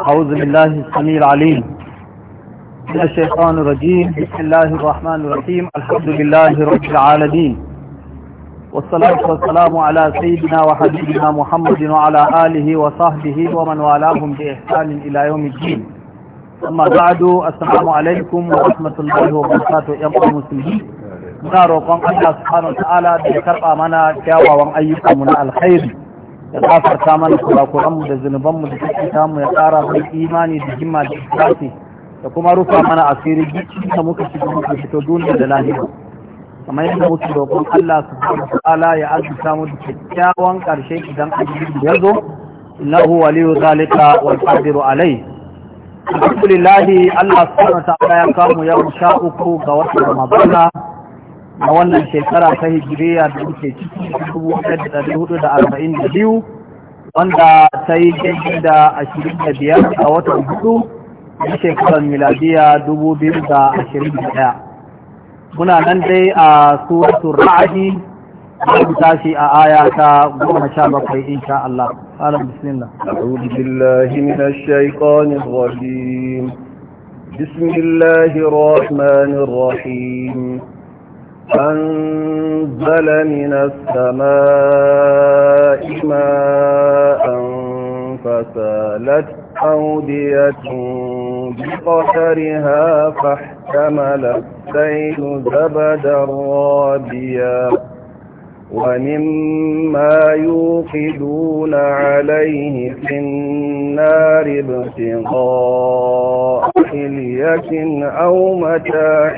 أعوذ بالله السميع العليم من الشيطان الرجيم بسم الله الرحمن الرحيم الحمد لله رب العالمين والصلاة والسلام على سيدنا وحبيبنا محمد وعلى آله وصحبه ومن والاهم بإحسان إلى يوم الدين أما بعد السلام عليكم ورحمة الله وبركاته يا المسلمين نارو roƙon الله سبحانه وتعالى ta'ala da ya karɓa من الخير ya kafarta mana kurakuranmu da zunubanmu da cikin mu ya tsara mai imani da himma da ikhlasi da kuma rufa mana asiri duk muka shiga muka fito duniya da lahira kamar yadda muke roƙon Allah su subhanahu wataala ya azurta mu da kyakkyawan ƙarshe idan ajiyar ya zo innahu waliyu zalika wal qadiru alai alhamdulillah Allah subhanahu ta'ala ya kawo mu yau sha uku ga watan Ramadana a wannan shekara ta hijiriya da muke ciki biyu, wanda ta yi daidai da ashirin da biyar a watan hudu na shekarar miladiya dubu biyu da ashirin da ɗaya. muna nan dai a suratun ra'adi babu tashi a aya ta goma sha bakwai insha Allah قال بسم الله أعوذ بالله من الشيطان الرجيم بسم الله الرحمن الرحيم أنزل من السماء ماء فسالت أودية بقدرها فاحتمل السيل زبدا رابيا ومما يوقدون عليه في النار ابتغاء حلية أو متاع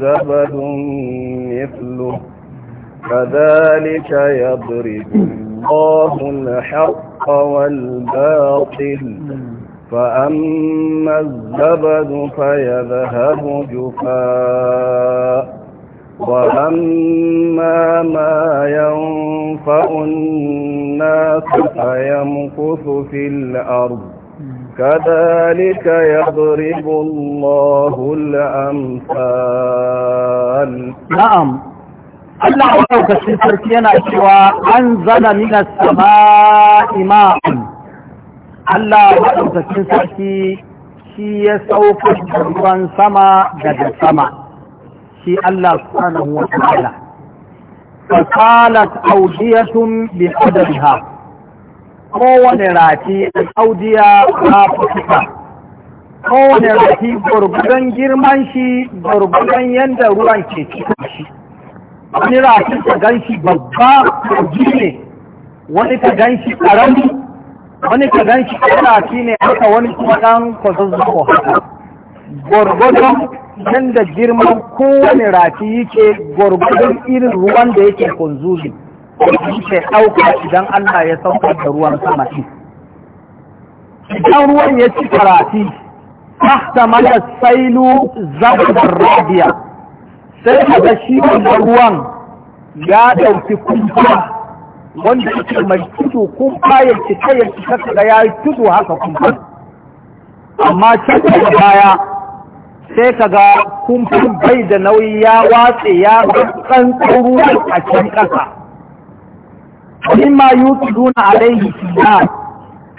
زبد مثله كذلك يضرب الله الحق والباطل فأما الزبد فيذهب جفاء وأما ما ينفع الناس فيمكث في الأرض كذلك يضرب الله الأمثال نعم الله عزوك السفركينا إشواء أنزل من السماء ماء الله عزوك السفركي شي سوف الجربان سماء جد السماء شي الله سبحانه وتعالى فقالت أودية بقدرها kowane rafi audiya rafuka kowane rafi gurgudan girman shi gwargwadon yadda ruwan ke cikin shi wani rafi ta gan shi babba kogi ne wani ta gan shi karami wani ta gan shi rafi ne haka wani kuma ɗan haka gwargwadon yadda girman kowane rafi yake gwargwadon irin ruwan da yake konzumin ke ɗauka idan Allah ya sauka da ruwan sama ɗin. Idan ruwan ya ci karati, tahta mana sailu zaɓar rabiya, sai kaga shi wannan ruwan ya ɗauki kumfa wanda yake mai tudu kumfa ya cika ya cika ya yi tudu haka kumfa. Amma can daga baya sai ka ga kumfan bai da nauyi ya watse ya tsantsan ruwan a can ƙasa. mimma yuqiduna alaihi fiya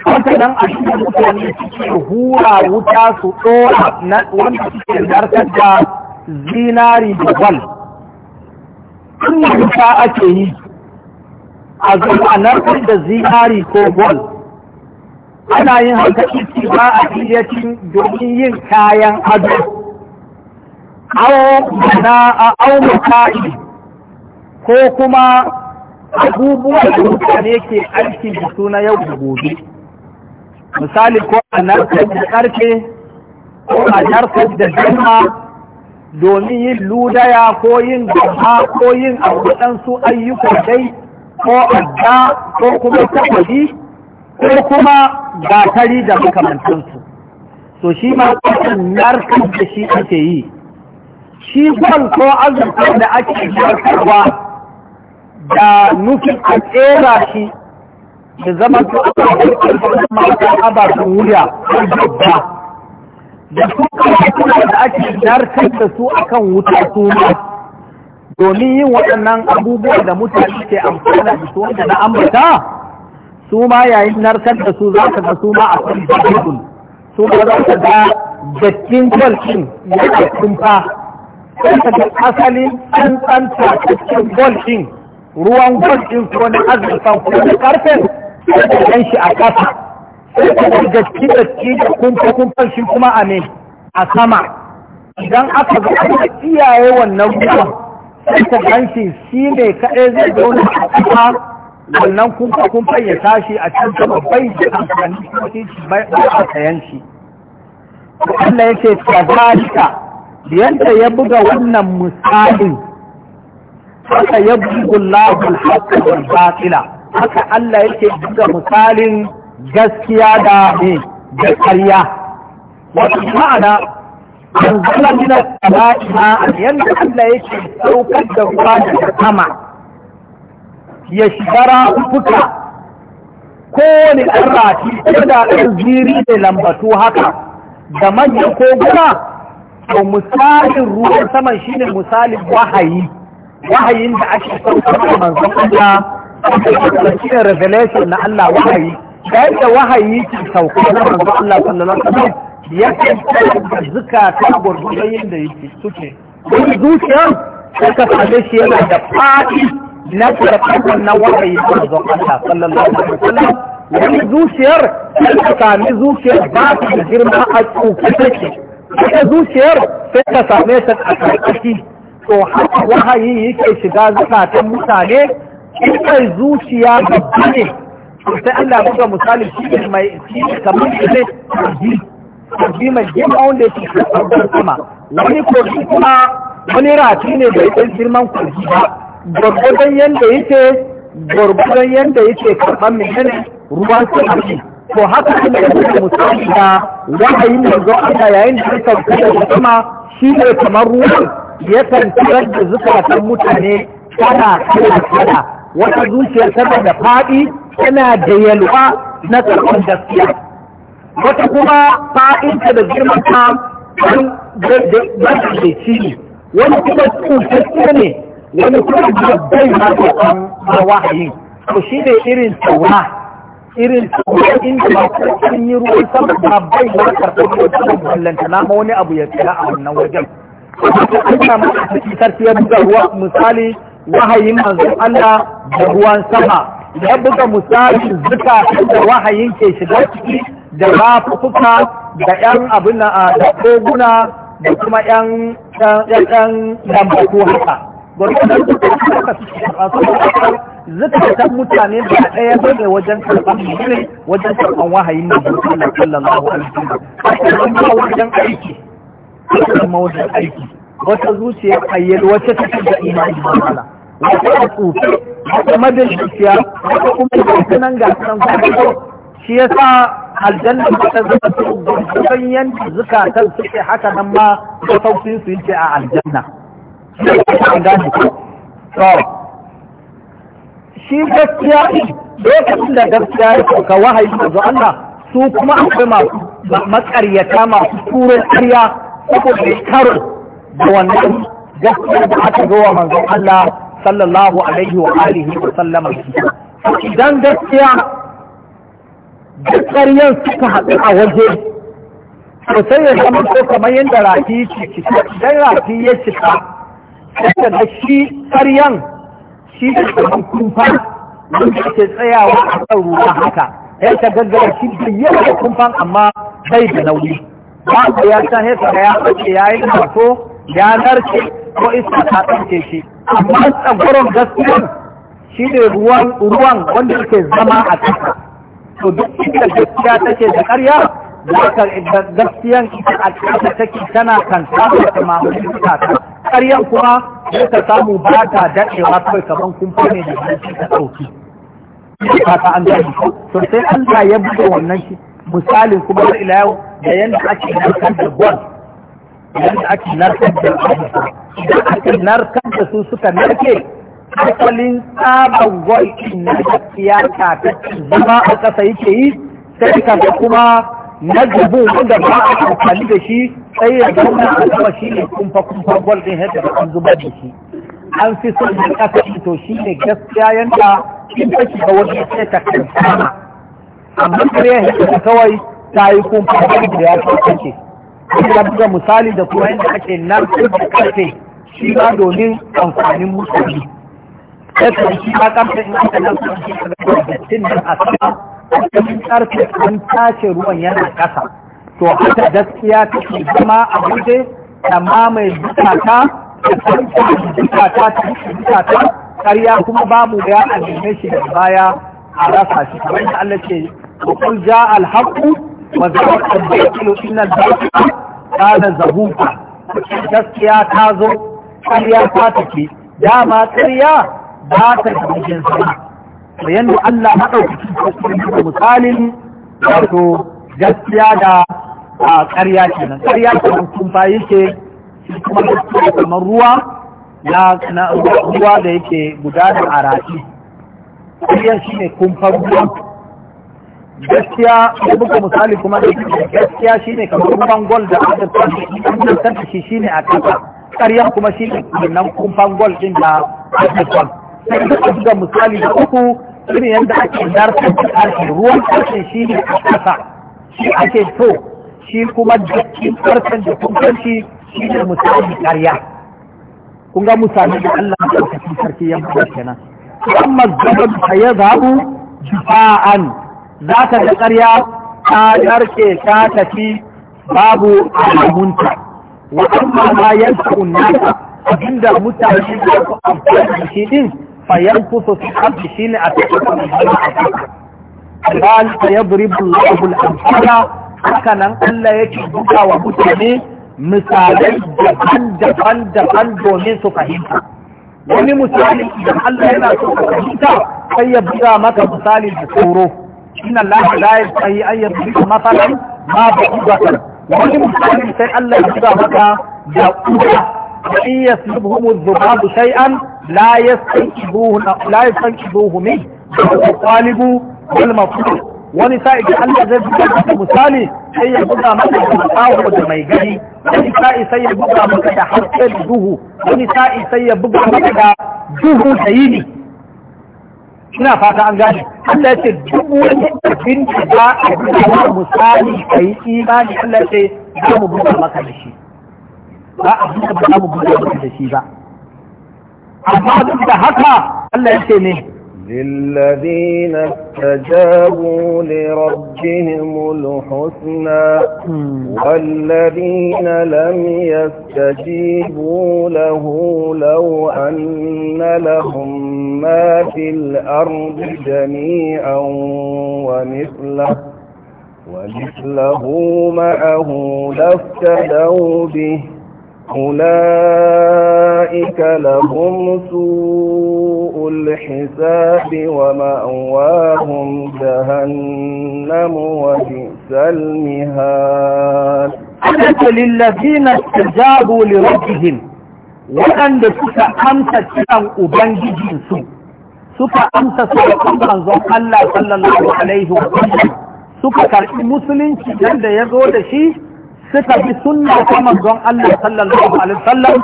wata dan a cikin mutane suke hura wuta su ɗora na wanda suke zartar da zinari da gwal in wuta ake yi a zama da zinari ko gwal ana yin haka isi ba a iyacin domin yin kayan ado au na a au ko kuma abubuwa da mutane ke aikin da suna yau da gobe misali ko a narkar da karfe ko a narkar da jama domin yin ludaya ko yin gaba ko yin abu su ayyukan dai ko adda ko kuma takwadi ko kuma gatari da makamantansu so shi ma kwanan narkar da shi ake yi shi kwan ko azurfa da ake narkarwa da nufin a tsera shi da zama su a ƙarƙarƙar matan ababen wuya a gaba da su kuma da ake narkar da su a kan wuta su ma domin yin waɗannan abubuwa da mutane ke amfana da su wanda na ambata su ma yayin narkar da su za ka ga su ma a kan jirgin su ma za ka ga dattin kwalcin ke kumfa sai ka ga asalin tsantsan takakken kwalcin ruwan gwajin su wani azurfan kuma da karfen sai shi a ƙasa sai ka ga gaske ke da kumfa kumfa shi kuma a ne a sama idan aka ga aka iyaye wannan ruwan sai ka gan shi shi ne kaɗai zai zauna a kuma wannan kumfa kumfa ya tashi a can sama bai da amfani ko shi bai a sayan shi. Allah ya ce, "Kazalika, yadda ya buga wannan misalin haka yabdu Allahu al batila haka Allah yake buga misalin gaskiya da ne da ƙarya wato ma'ana anzala min gina samai ma'an Allah yake saukar da ruwa daga sama ya shigara fuka kowane ɗan rafi ko da ɗan ziri da lambatu haka da manyan koguna to misalin ruwan saman shine misalin wahayi wahayin da ake saukar da manzon Allah revelation na Allah wahayi da yadda wahayi ke sauka na manzon Allah sallallahu alaihi wasallam ya kanta zukata gurgurdan yadda yake suke wani zuciyar sai ka same shi yana da fadi na karfafan na wahayi na manzon Allah sallallahu alaihi wasallam wani zuciyar sai ka sami zuciyar ba ta girma a tsokace ita zuciyar sai ka same ta a karkashi to haka wahayi yake shiga zukatan mutane in kai zuciya babba ne sai Allah buga misali shi ne mai shi kamar shi ne shi shi mai girma wanda yake karɓar sama wani kogi kuma wani rafi ne da yake girman kogi ba gwargwadon yadda yake gwargwadon yadda yake karɓar mai ruwan sa to haka kuma ya ce misali da wahayin manzo Allah yayin da ya sauka da kuma shi ne kamar ruwan ya tantar da zukatan mutane kana kana kana wata zuciya tana da faɗi tana da yalwa na karɓar gaskiya wata kuma faɗinta da girman ta wani gaggaici ne wani kuma tsutacce ne wani kuma babbai ma da wahayi to shi ne irin taura irin inda ba cikin yi ruwan sama ba bai ba karfin yi wajen ballanta na ma wani abu ya tsira a wannan wajen ana ma a cikin sarki ya buga ruwa misali wahayin manzon Allah da ruwan sama ya buga misali zuka da wahayin ke shiga ciki da rafuka da yan abin da koguna da kuma yan yan yan lambatu haka gwargwadon da suka suka suka zukatan mutane ba daya ba ne wajen karban ne wajen karɓar wahayin da Allah sallallahu alaihi wasallam ba wajen aiki kuma wajen aiki wata zuciya ayyar wata take da imani ba Allah wata da tsufi wata madin zuciya wata kuma da sanan ga sanan ko shi yasa aljanna ta zama tsoron yanki zukatan suke haka nan ma sauƙin su yake a aljanna. Sai ka gane ko? shi gaskiya lokacin da gaskiya ya sauka wahayi manzo Allah su kuma akwai masu makaryata masu turon ƙarya saboda karo da wannan gaskiya da aka zo wa manzo Allah sallallahu alaihi wa alihi wa sallama idan gaskiya da ƙaryan suka haɗu a waje to sai ya zama ko kamar yadda rafi ya cika idan rafi ya cika yadda da shi ƙaryan shi ne kuma kumfa wanda ke tsayawa a kan ruwa haka ya ta gaggara shi da yawa da kumfan amma bai da nauyi ba ku ya san ya tsaya ya ake ya yi mato ya narke ko iska ta ɗauke shi amma tsagoron gaskiya shi ne ruwan wanda ke zama a ƙasa to duk inda gaskiya take da ƙarya gaskiyan ita a ƙasa take tana kan samun da mahimmanci ta ƙaryan kuma sai ka samu ba ta daɗewa kawai kaman kun ne da shi ta ɗauki ba ta an gani to sai ta ya buɗe wannan shi misalin kuma da ila yau da yanda ake narkar da gwal yanda ake narkar da abubuwa idan ake narkar da su suka narke asalin tsaban gwal ɗin na gaskiya kafin zama a ƙasa yake yi sai ka kuma na gabu wanda ba a amfani da shi sai ya zauna a sama shi ne kumfa kumfa gol ɗin yadda da an zuba da shi an fi son da ƙasa to shi ne gaskiya yanda in ta shiga wani sai ta kankana amma kare yadda kawai ta yi kumfa gol da ya fi kake da buga misali da kuma yadda ake nan da kake shi ma domin amfanin mutane ya ta shi ma kamfe in aka nan da shi a sama a cikin karfe an tace ruwan yana ƙasa to haka gaskiya take zama a guje ta mamaye zukata ta tsarki zukata ta zukata ƙarya kuma babu ya alime shi da baya a rasa shi kamar da Allah ce ko qul jaa al wa zahaqa al inna al batil kana zahuqa gaskiya ta zo ƙarya ta take dama ƙarya ba ta da mijin to yanda Allah madaukakin sarki misalin wato gaskiya da a ƙarya nan ƙarya kenan sun fa yake kuma gaskiya kamar ruwa na ruwa da yake guda a rafi ƙarya shine kumfan ruwa gaskiya da buga misali kuma da gaskiya shine kamar ruwan gol da aka tantance shi ne a kasa ƙarya kuma shi ne nan kumfan gol ɗin da African. Sai da su misali da uku irin yadda ake zartar da ƙarfi ruwan ƙarfin shi ne a ƙasa shi ake so shi kuma dakin farkon da kunkanci shi ne mutane ƙarya kun ga mutane da Allah ya ɗaukaci sarki ya buɗe kenan amma gaban ta ya zabu jifa'an za ka ga ƙarya ta narke ta tafi babu alamunta wa amma ma yanka unnaka abinda mutane da su amfani da shi din fa yankusu su abdi shi ne a cikin alhali fa yadribu Allahu al-amsala haka nan Allah yake buga wa mutane misalai daban-daban daban domin su fahimta wani misali idan Allah yana so ka fahimta sai ya buga maka misali da tsoro inna Allah la yastahi an yadrika masalan ma ba'udatan wani misali sai Allah ya buga maka da uba in yaslubuhum dhubabu shay'an la yastankibuhu la yastankibuhu min al-talibu wal mafruq wani sa'i da Allah zai buga maka misali sai ya buga maka da makawo da mai gani wani sa'i sai ya buga maka da harshe da duhu wani sa'i sai ya buga maka da duhu da yini ina fata an gane Allah ya ce duk wani abin da za a buga maka misali kai imani Allah ce za mu buga maka da shi ba a buga ba mu buga maka da shi ba amma duk da haka Allah ya ce ne للذين استجابوا لربهم الحسنى والذين لم يستجيبوا له لو أن لهم ما في الأرض جميعا ومثله ومثله معه لافتدوا به أولئك لهم سوء الحساب ومأواهم جهنم وبئس المهاد أنت للذين استجابوا لربهم وأن سكا أمسى كلام أبنجي سوء suka amsa sauƙin manzon Allah sallallahu alaihi wa sallam suka karɓi musulunci yadda ya zo da shi suka bi suna ta manzon Allah sallallahu alaihi wasallam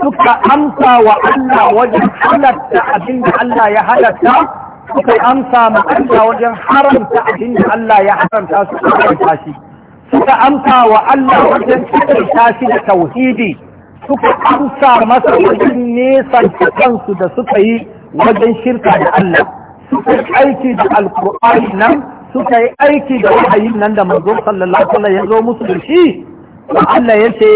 suka amsa wa Allah wajen halatta abin da Allah ya halatta suka amsa ma Allah wajen haramta abin da Allah ya haramta su haramta shi suka amsa wa Allah wajen kaita shi da tauhidi suka amsa masa wajen nesan kansu da suka yi wajen shirka da Allah suka aiki da alkur'ani nan suka yi aiki da wahayin nan da manzo sallallahu alaihi wasallam ya zo musu da shi Allah ya ce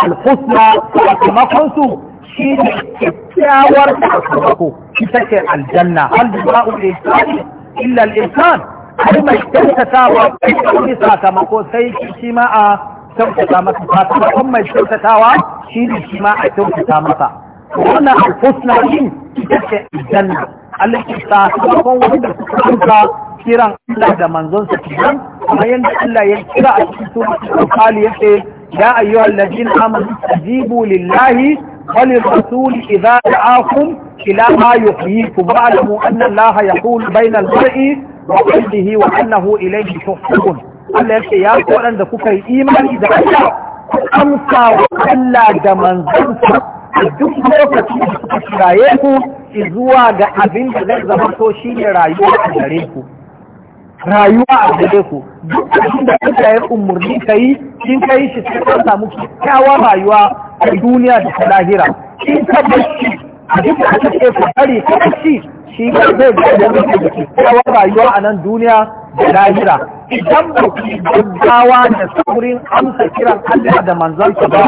alhusna sakamakon su shi ne kyakkyawar sakamako ita ce aljanna aljanna ul'isani illa al'isan ai mai kyautatawa kai sakamako sai shi ma a kyautata masa sakamakon mai kyautatawa shi ne shi ma a kyautata masa wannan alhusna din ita ce aljanna Allah ya sakamakon wanda suka kiran Allah da manzonsa kenan kamar yadda Allah ya kira a cikin alƙali ya ce ya ayyuhal ladina amanu tajibu lillahi وللرسول إذا دعاكم إلى ما يحييكم واعلموا أن الله يقول بين المرء وقلبه وأنه إليه تحشرون Allah ce ya ku waɗanda kuka yi imani da Allah ku amsa wa Allah da manzonsa duk lokacin da suka kiraye ku zuwa ga abin da zai zama to shine rayuwa a gare ku rayuwa a gare ku duk abin da kuka yi umarni ka yi in shi sai ka samu kyakkyawar rayuwa a duniya da ta lahira in ka a duk da aka kokari ka barci shi ka zai ga da mutum da rayuwa a nan duniya da lahira idan ba ku gaggawa da saurin amsa kiran Allah da manzansa ba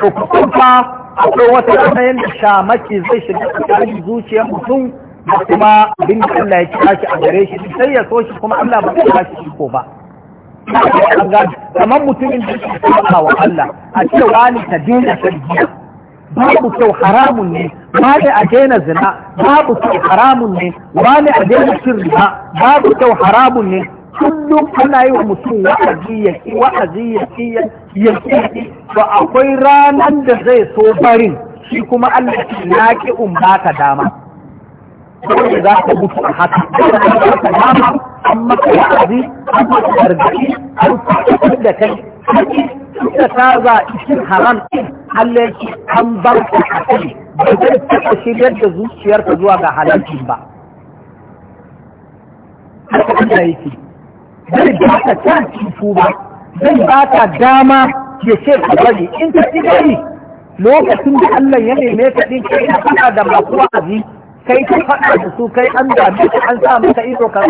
to ku kuma akwai wata yanayin da shamaki zai shiga tsakanin zuciyar mutum da kuma abin da Allah ya kira shi a gare shi sai ya so shi kuma Allah ba ya kira shi ko ba kamar mutumin da ke kira wa Allah a ce wani ta daina sarjiya babu kyau haramun ne wani a daina zina babu kyau haramun ne wani a daina ba, babu kyau haramun ne kullum ana yi wa mutum wa'azi ya ki wa'azi ya ki ya ki ba akwai ranar da zai so barin shi kuma Allah ya ki in baka dama dole za ka mutu a haka dama an maka wa'azi an maka gargaɗi an faɗaɗar da kai da ta za cikin haram Allah ki an bar ka a kai ba zai taɓa shiryar da zuciyarka zuwa ga halalci ba haka Allah yake zai ba ka canci ba, zai ba ka dama ya ce ka bari in ka ci gari lokacin da Allah ya neme ka ɗin kai da da masu wa'azi kai ka faɗa da su kai an dame ka an sa maka ido ka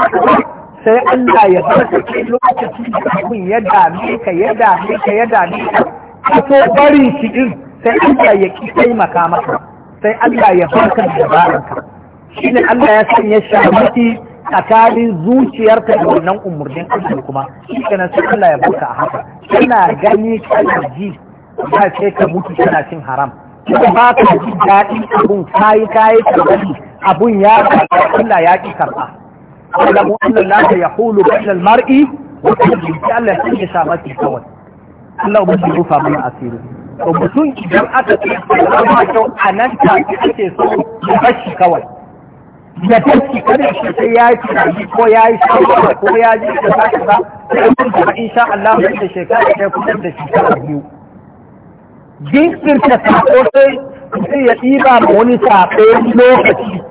sai an da ya bar ka kai lokacin da abin ya dame ka ya dame ka ya dame ka ka so bari shi din sai Allah ya ki taimaka maka sai Allah ya farkar da baranka shine Allah ya sanya shamaki tsakanin zuciyarka da wannan umarnin Allah kuma shi kenan sai Allah ya bar a haka kana gani kana ji ba sai ka mutu kana cin haram kuma ba ka ji daɗi abun kayi kayi tsarki abun ya karɓa Allah ya ƙi karɓa Allah mu Allah la ta yahulu bainal mar'i wa ta Allah sun ya sama ki kawai Allah mu rufa mana asiri to mutum idan aka ce ba kyau a nan ta ake so ya bashi kawai da tafi kada shi sai ya yi tunani ko ya yi shawara ko ya ji da sa ka ba sai mutum da insha Allah da shekara ɗaya kuma da shekara biyu jinkirta sako sai sai ya ɗiba ma wani saɓe lokaci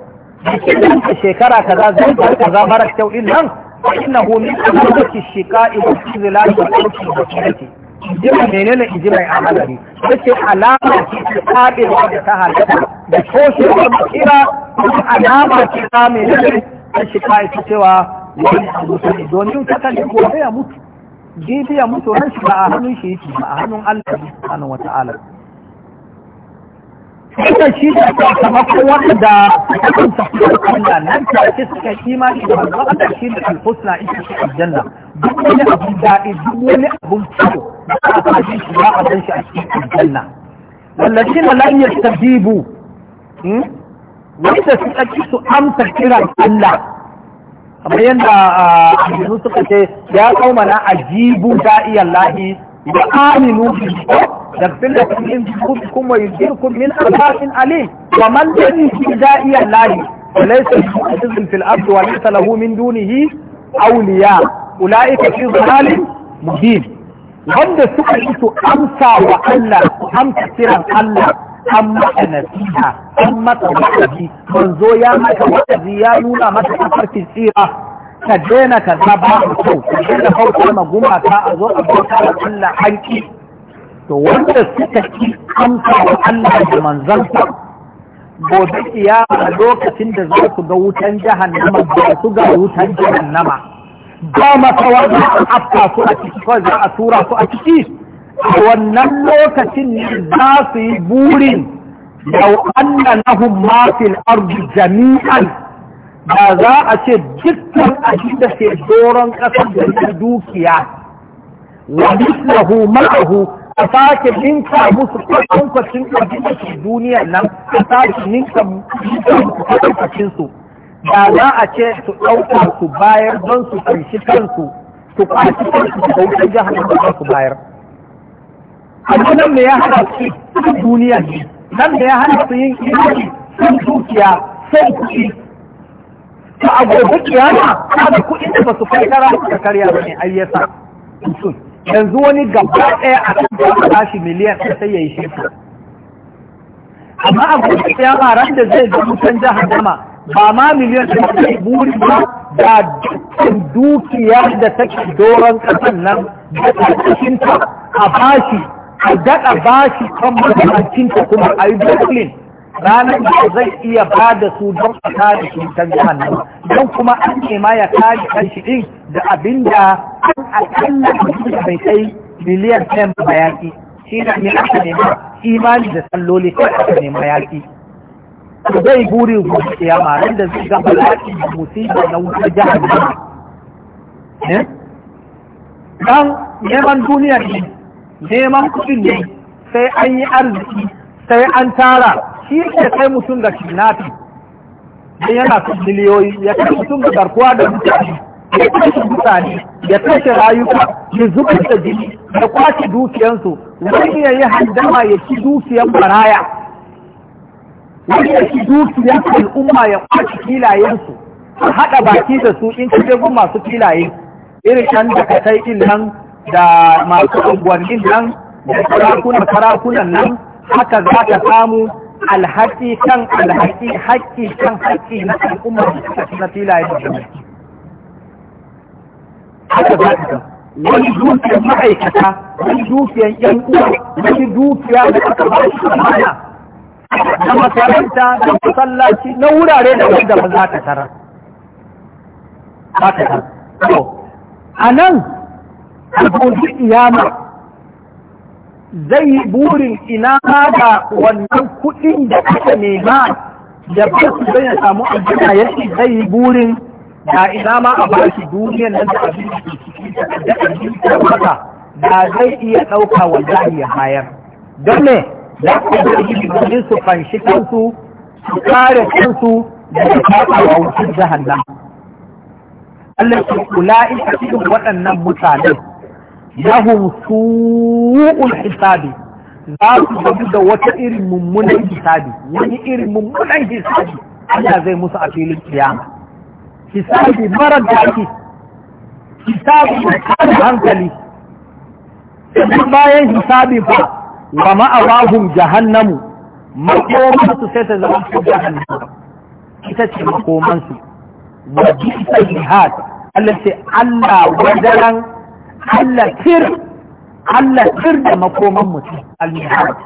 jikin da shekara kaza zai ba kaza mara kyau din nan innahu min alwaki shiqa'i wa zilali wa kulli bakati jima menene ji mai ahalari yace alama ce ta kabe da ta halaka da toshe da kira alama ce ta menene ta shiqa'i cewa wani abu sai domin ta kan ko ya mutu bibiya mutu ran shi ba a hannun shi yake ba a hannun Allah subhanahu wata'ala Ita shi da sakamakon wanda da sukan tafiyar Allah nan ta ce suka imani da manzon Allah shi da alhusna ita ce aljanna duk wani abun daɗi duk wani abun ciwo da aka san shi ba a san shi a cikin aljanna wallazina lam yastajibu wanda suka ci su amsa kiran Allah kamar yadda aljanu ah, suka ce ya kauma na ajibu iya lahi da aminu da fila cikin kuskun wa yujirkun min azabin alim wa man lam yujib da'iyan lahi wa laysa yu'azzizun fil ardi wa laysa lahu min dunihi awliya ulaika fi dhalalin mubin wanda suka yi su amsa wa Allah amsa kiran Allah an maka nasiha an maka wa'azi manzo ya maka wa'azi ya nuna maka kafarkin tsira ka daina ka za ba mu kyau ka daina bauta ma gumaka a zo a bauta da Allah hanki to wanda suka ki amsa wa Allah da manzansa gobe kiyama lokacin da za ku ga wutan jahannama ba su ga wutan jahannama ba masawa za a afka su a ciki kawai za a tura su a ciki wannan lokacin ne za su yi burin yau anna lahum ma fil ardi jami'an da za a ce dukkan abin da ke doron kasar da dukiya wa mislahu ma'ahu a sake ninka musu kwatankwacin abin da ke duniya nan a sake ninka musu kwatankwacin su da za a ce su ɗauka su bayar don su kanshi kansu su kwaci kansu jihar da za su bayar. amma nan da ya hana su duniya ne nan da ya hana su yin imani sun dukiya sun kuɗi ta agogo kiyama ta da kuɗin da ba su kai kara da karya ba ne ayyasa mutum yanzu wani gaba ɗaya a kan da aka tashi miliyan sai ya yi shi amma agogo kiyama ran da zai ga mutan jahannama ba ma miliyan da ta yi buri ba da dukkan dukiyar da take doron ƙasan nan da ta a bashi a daɗa ba shi kan matsalancin ta kuma a yi dole ranar da zai iya ba da su don a kare shi ta jihannan don kuma an nema ya kare kanshi ɗin da abin da an akalla bai kai miliyan ɗayan ba yaƙi shi ne aka nema imani da salloli kai aka nema yaƙi zai buri ya kiyama ran da zai gaba laki da musiba na wuta jahannama eh? dan neman duniya ne neman kuɗin ne sai an yi arziki sai an tara shi ne kai mutum ga kidnapping dan yana kan miliyoyi ya kai mutum ga garkuwa da mutane ya kashe mutane ya kashe rayuka ya zubar da jini ya kwace dukiyansu wani ya yi handama ya ci dukiyan baraya wani ya ci dukiyan al'umma ya kwace filayensu haɗa baki da su in kaje gun masu filaye irin kan da ka kai nan da masu unguwannin nan da sarakunan sarakunan nan haka za ka samu alhaki kan alhaki hakki kan hakki na al'umma na filayen da haka za ka wani dukiyar ma'aikata wani dukiyar yan uwa wani dukiya da aka ba shi amana na makaranta da masallaci na wurare da wanda ba za ka tara. Ba ka tara. A nan a gobe iyama zai burin ina da wannan kuɗin da aka nema da ba su zai ya samu aljanna ce zai burin da ina ma a bashi duniyan nan da abin da ke cikin da abin da zai iya ɗauka wallahi ya hayar don za ku yi su fanshi kansu su kare kansu daga kafawa wucin jahannam Allah ke kula in cikin waɗannan mutane. lahum su'ul hisabi za su gabu da wata irin mummunan hisabi wani irin mummunan hisabi Allah zai musu a filin kiyama hisabi mara daɗi hisabi da kare hankali sannan bayan hisabi ba wa ma'awahum jahannamu su sai ta zama su jahannamu ita ce makomansu wa bisa jihad Allah sai Allah wajen Allah kir Allah kir da makoman mutum al-mihad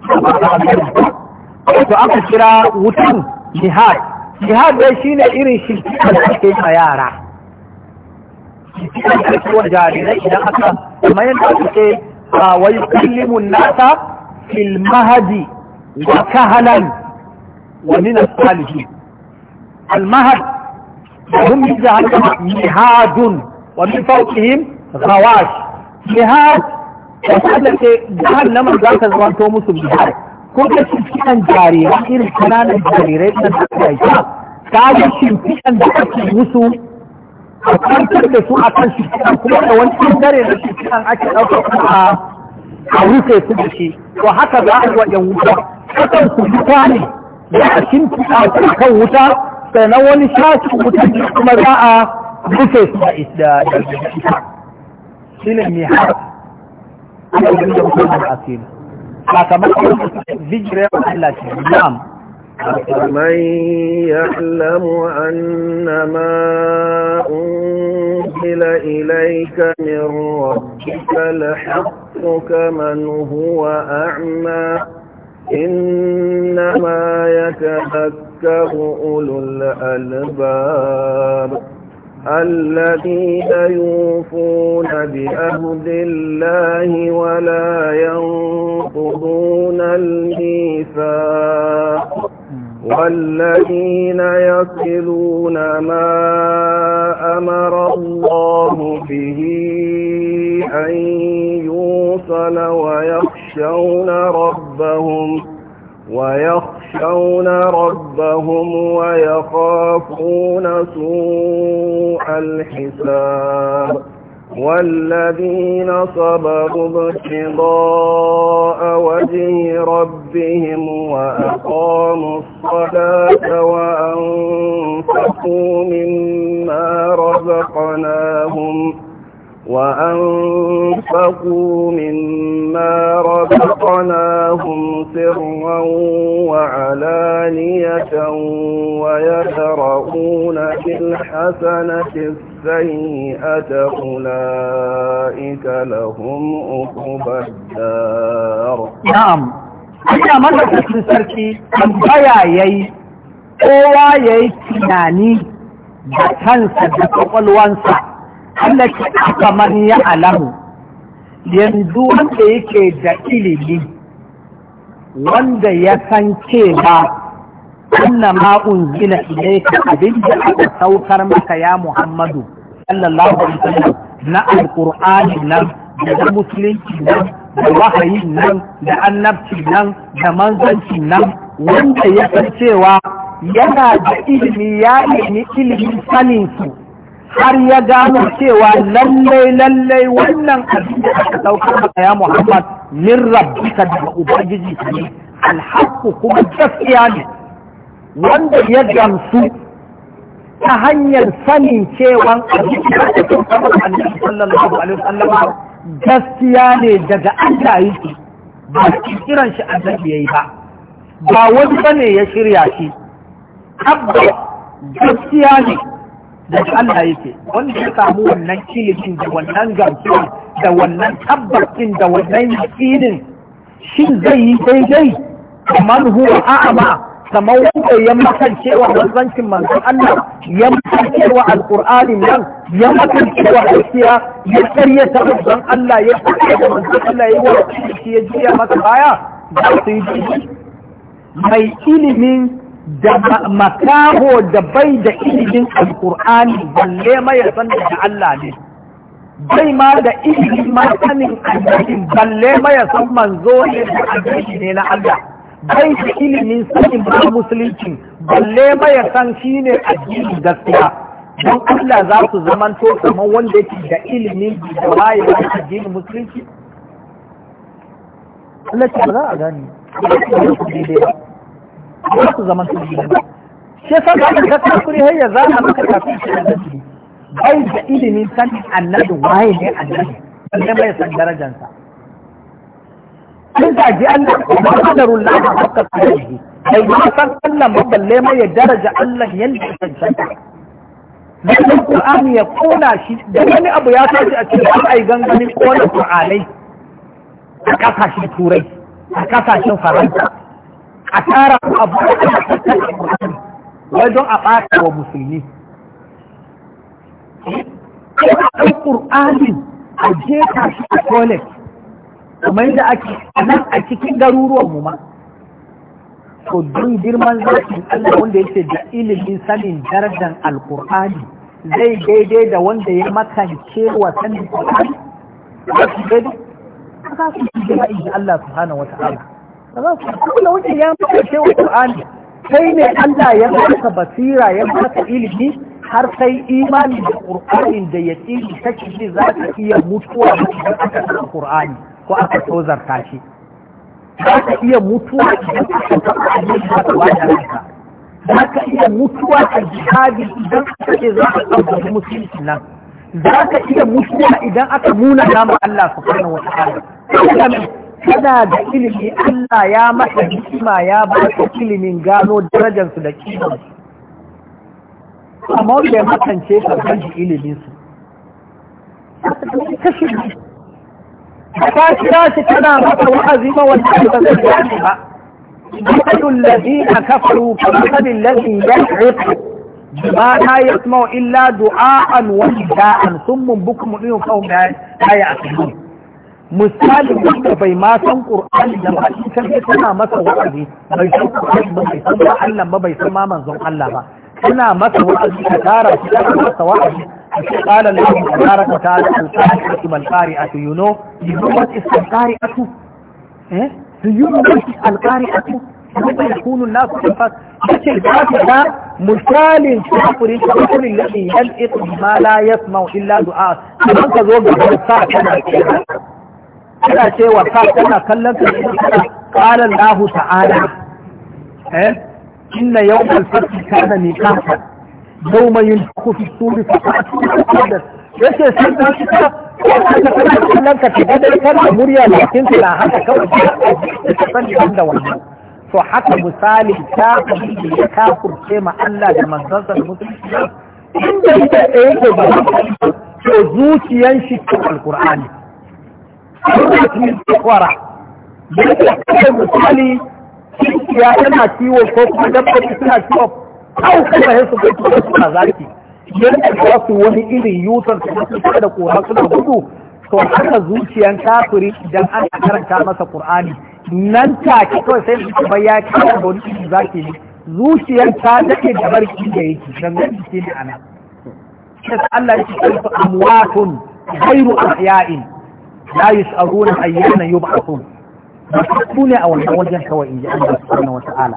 to aka kira wutan jihad jihad dai shine irin shi da ake yi ma yara kiwon jarirai idan aka kamar yadda aka ce wa yukallimu nasa fil mahadi wa kahalan wa min as-salihin al-mahad hum jahannam mihadun ومن فوقهم rawash bihar da kasance jahannama za ta zamanto musu bihar ko da shimfiɗan jarirai irin kananan jarirai da suka yi ta yi shimfiɗan da ake musu a kwantar da su a kan shimfiɗan kuma da wani ɓangare na shimfiɗan ake ɗauka kuma a rufe su da shi to haka za a yi wa ‘yan wuta kasan su wuta ne da a shimfiɗa su kan wuta Sai na wani shafin wuta kuma za a rufe su da ita shine mai har ana yin da mutum da asiri sakamakon vigilar Allah ce na'am من يعلم أن ما أنزل إليك من ربك لحق كمن هو أعمى إنما يتذكر أولو الألباب الذين يوفون بأهد الله ولا ينقضون الميثاق والذين يصلون ما أمر الله به أن يوصل ويخشون ربهم ويخشون ربهم ويخافون سوء الحساب والذين صبروا ابتغاء وجه ربهم وأقاموا الصلاة وأنفقوا مما رزقناهم وأنفقوا مما رزقناهم سرا وعلانية ويترؤون بالحسنة السيئة أولئك لهم عقبى الدار نعم أنا من تسركي أن بيا يي kowa يي yi tunani da kansa Allah ke aka man ya alamu yanzu wanda yake da ilimi wanda ya san cewa anna ma unzila ilayka abin da aka saukar maka ya Muhammadu sallallahu alaihi wasallam na alqur'ani nan da musulunci nan da wahayi nan da annabci nan da manzanci nan wanda ya san cewa yana da ilimi ya nemi ilimin saninsu. har ya gano cewa lallai lallai wannan abinda da aka ɗaukar maka ya Muhammad min rabbika daga ubangiji ne alhaku kuma gaskiya ne wanda ya gamsu ta hanyar sanin cewa abinda da aka ɗaukar da annabi sallallahu alaihi wasallam gaskiya ne daga Allah yake ba kiran shi annabi yayi ba ba wani bane ya shirya shi tabbas gaskiya ne daga Allah yake wanda ya samu wannan kilikin da wannan gamsuwa da wannan tabbacin da wannan yakinin shin zai yi daidai kamar huwa a'ama kamar wanda ya makance wa wanzancin Allah ya makance wa alqur'anin nan ya makance gaskiya ya karya ta Allah ya karya da manzon Allah ya wa shi ya jiya masa baya za su yi mai ilimin da makaho da bai da ilimin alkur'ani balle ma ya san da Allah ne bai ma da ilimin ma sanin balle ma ya san manzo ne da annabi ne na Allah bai da ilimin sanin ba musulunci balle ma ya san shine addini gaskiya don Allah za su zamanto kamar wanda yake da ilimin da da addinin musulunci Allah ce ba za a gani ba ba su zaman su gidan ba shi yasa ka ga kafiri har ya zama maka kafin shi da shi bai da ilimin san annabi waye ne annabi balle mai san darajansa sun gaji Allah ba kadarun lafa haka kare bai ma san Allah ba balle mai ya daraja Allah yanda ya cancanta Wannan Qur'ani ya kona shi da wani abu ya tashi a cikin ai gangamin kona Qur'anai a kasashen Turai a kasashen Faransa a tara abu wai don a ɓata wa musulmi ɗan ƙur'ani a jefa shi a toilet kamar yadda ake nan a cikin garuruwan mu ma to don girman zafin Allah wanda yake da ilimin sanin darajar alƙur'ani zai daidai da wanda ya makance wa sanin ƙur'ani ba su daidai ba su daidai Allah subhanahu wa ta'ala kuma wuce ya mace wa Qur'ani sai ne Allah ya baka basira ya baka ilimi har sai imani da Qur'ani da yaqini kake ji za ka iya mutuwa da aka Qur'ani ko aka tozarta shi za ka iya mutuwa da aka wajarta za ka iya mutuwa a jihadi idan aka ce za ka ɗauka musulunci nan za ka iya mutuwa idan aka muna nama Allah subhanahu wa ta'ala kana da ilimi Allah ya mata hikima ya ba ka ilimin gano darajarsu da kiman amma wanda ya makance ka gaji ilimin su ka kira shi kana maka wa'azi ma wanda ka zai gani ba Bukadu lalzi a kafaru, kamfanin lalzi ya rufe, ba ta yi asma'u illa du'a an wani da'an sun mun buku mu ɗin kawo da ya yi asibiri. misali wanda bai ma san qur'ani da ba shi kan tana masa wa'azi bai san qur'ani ba bai san ba Allah ba bai san ma manzon Allah ba tana masa wa'azi ta tara shi tana masa wa'azi shi qala Allah tabaraka ta'ala al-qari'atu mal qari'atu you know you know what is al-qari'atu eh do you know what is al-qari'atu kuma yakunu an-nasu kafat yace da misalin kafirin kafirin ladhi yalqi ma la yasma'u illa du'a kamar ka zo ga sa kana kana cewa ka kana kallon ka kana qala Allah ta'ala eh inna yawm al-fath kana miqatan yawma yunfaku fi suri fa qad yace sai da shi ka kana kallon ka ki da kana murya lakin ka haka kawai ka san da wannan to haka misali ta ya kafurce ma Allah da manzansa da musulunci inda ita yake ba to zuciyan shi ta alqur'ani suna takwara da yake kawai misali ya tana ciwo ko kuma dabbobi suna ciwo kawo kuma yin su ko kuma suna zaki yadda za su wani irin yutar su su kuma da kora suna gudu to haka zuciyan kafiri idan an karanta masa qur'ani nan ta ki kawai sai su kuma ya kawo da wani irin zaki ne Zuciyan ta take da barki da yake gangan shi ne a nan. Allah ya ce amwatun ghairu ahya'in la yus'aruna ayyana yub'athun su ne a wannan wajen kawai in ji Allah subhanahu wata'ala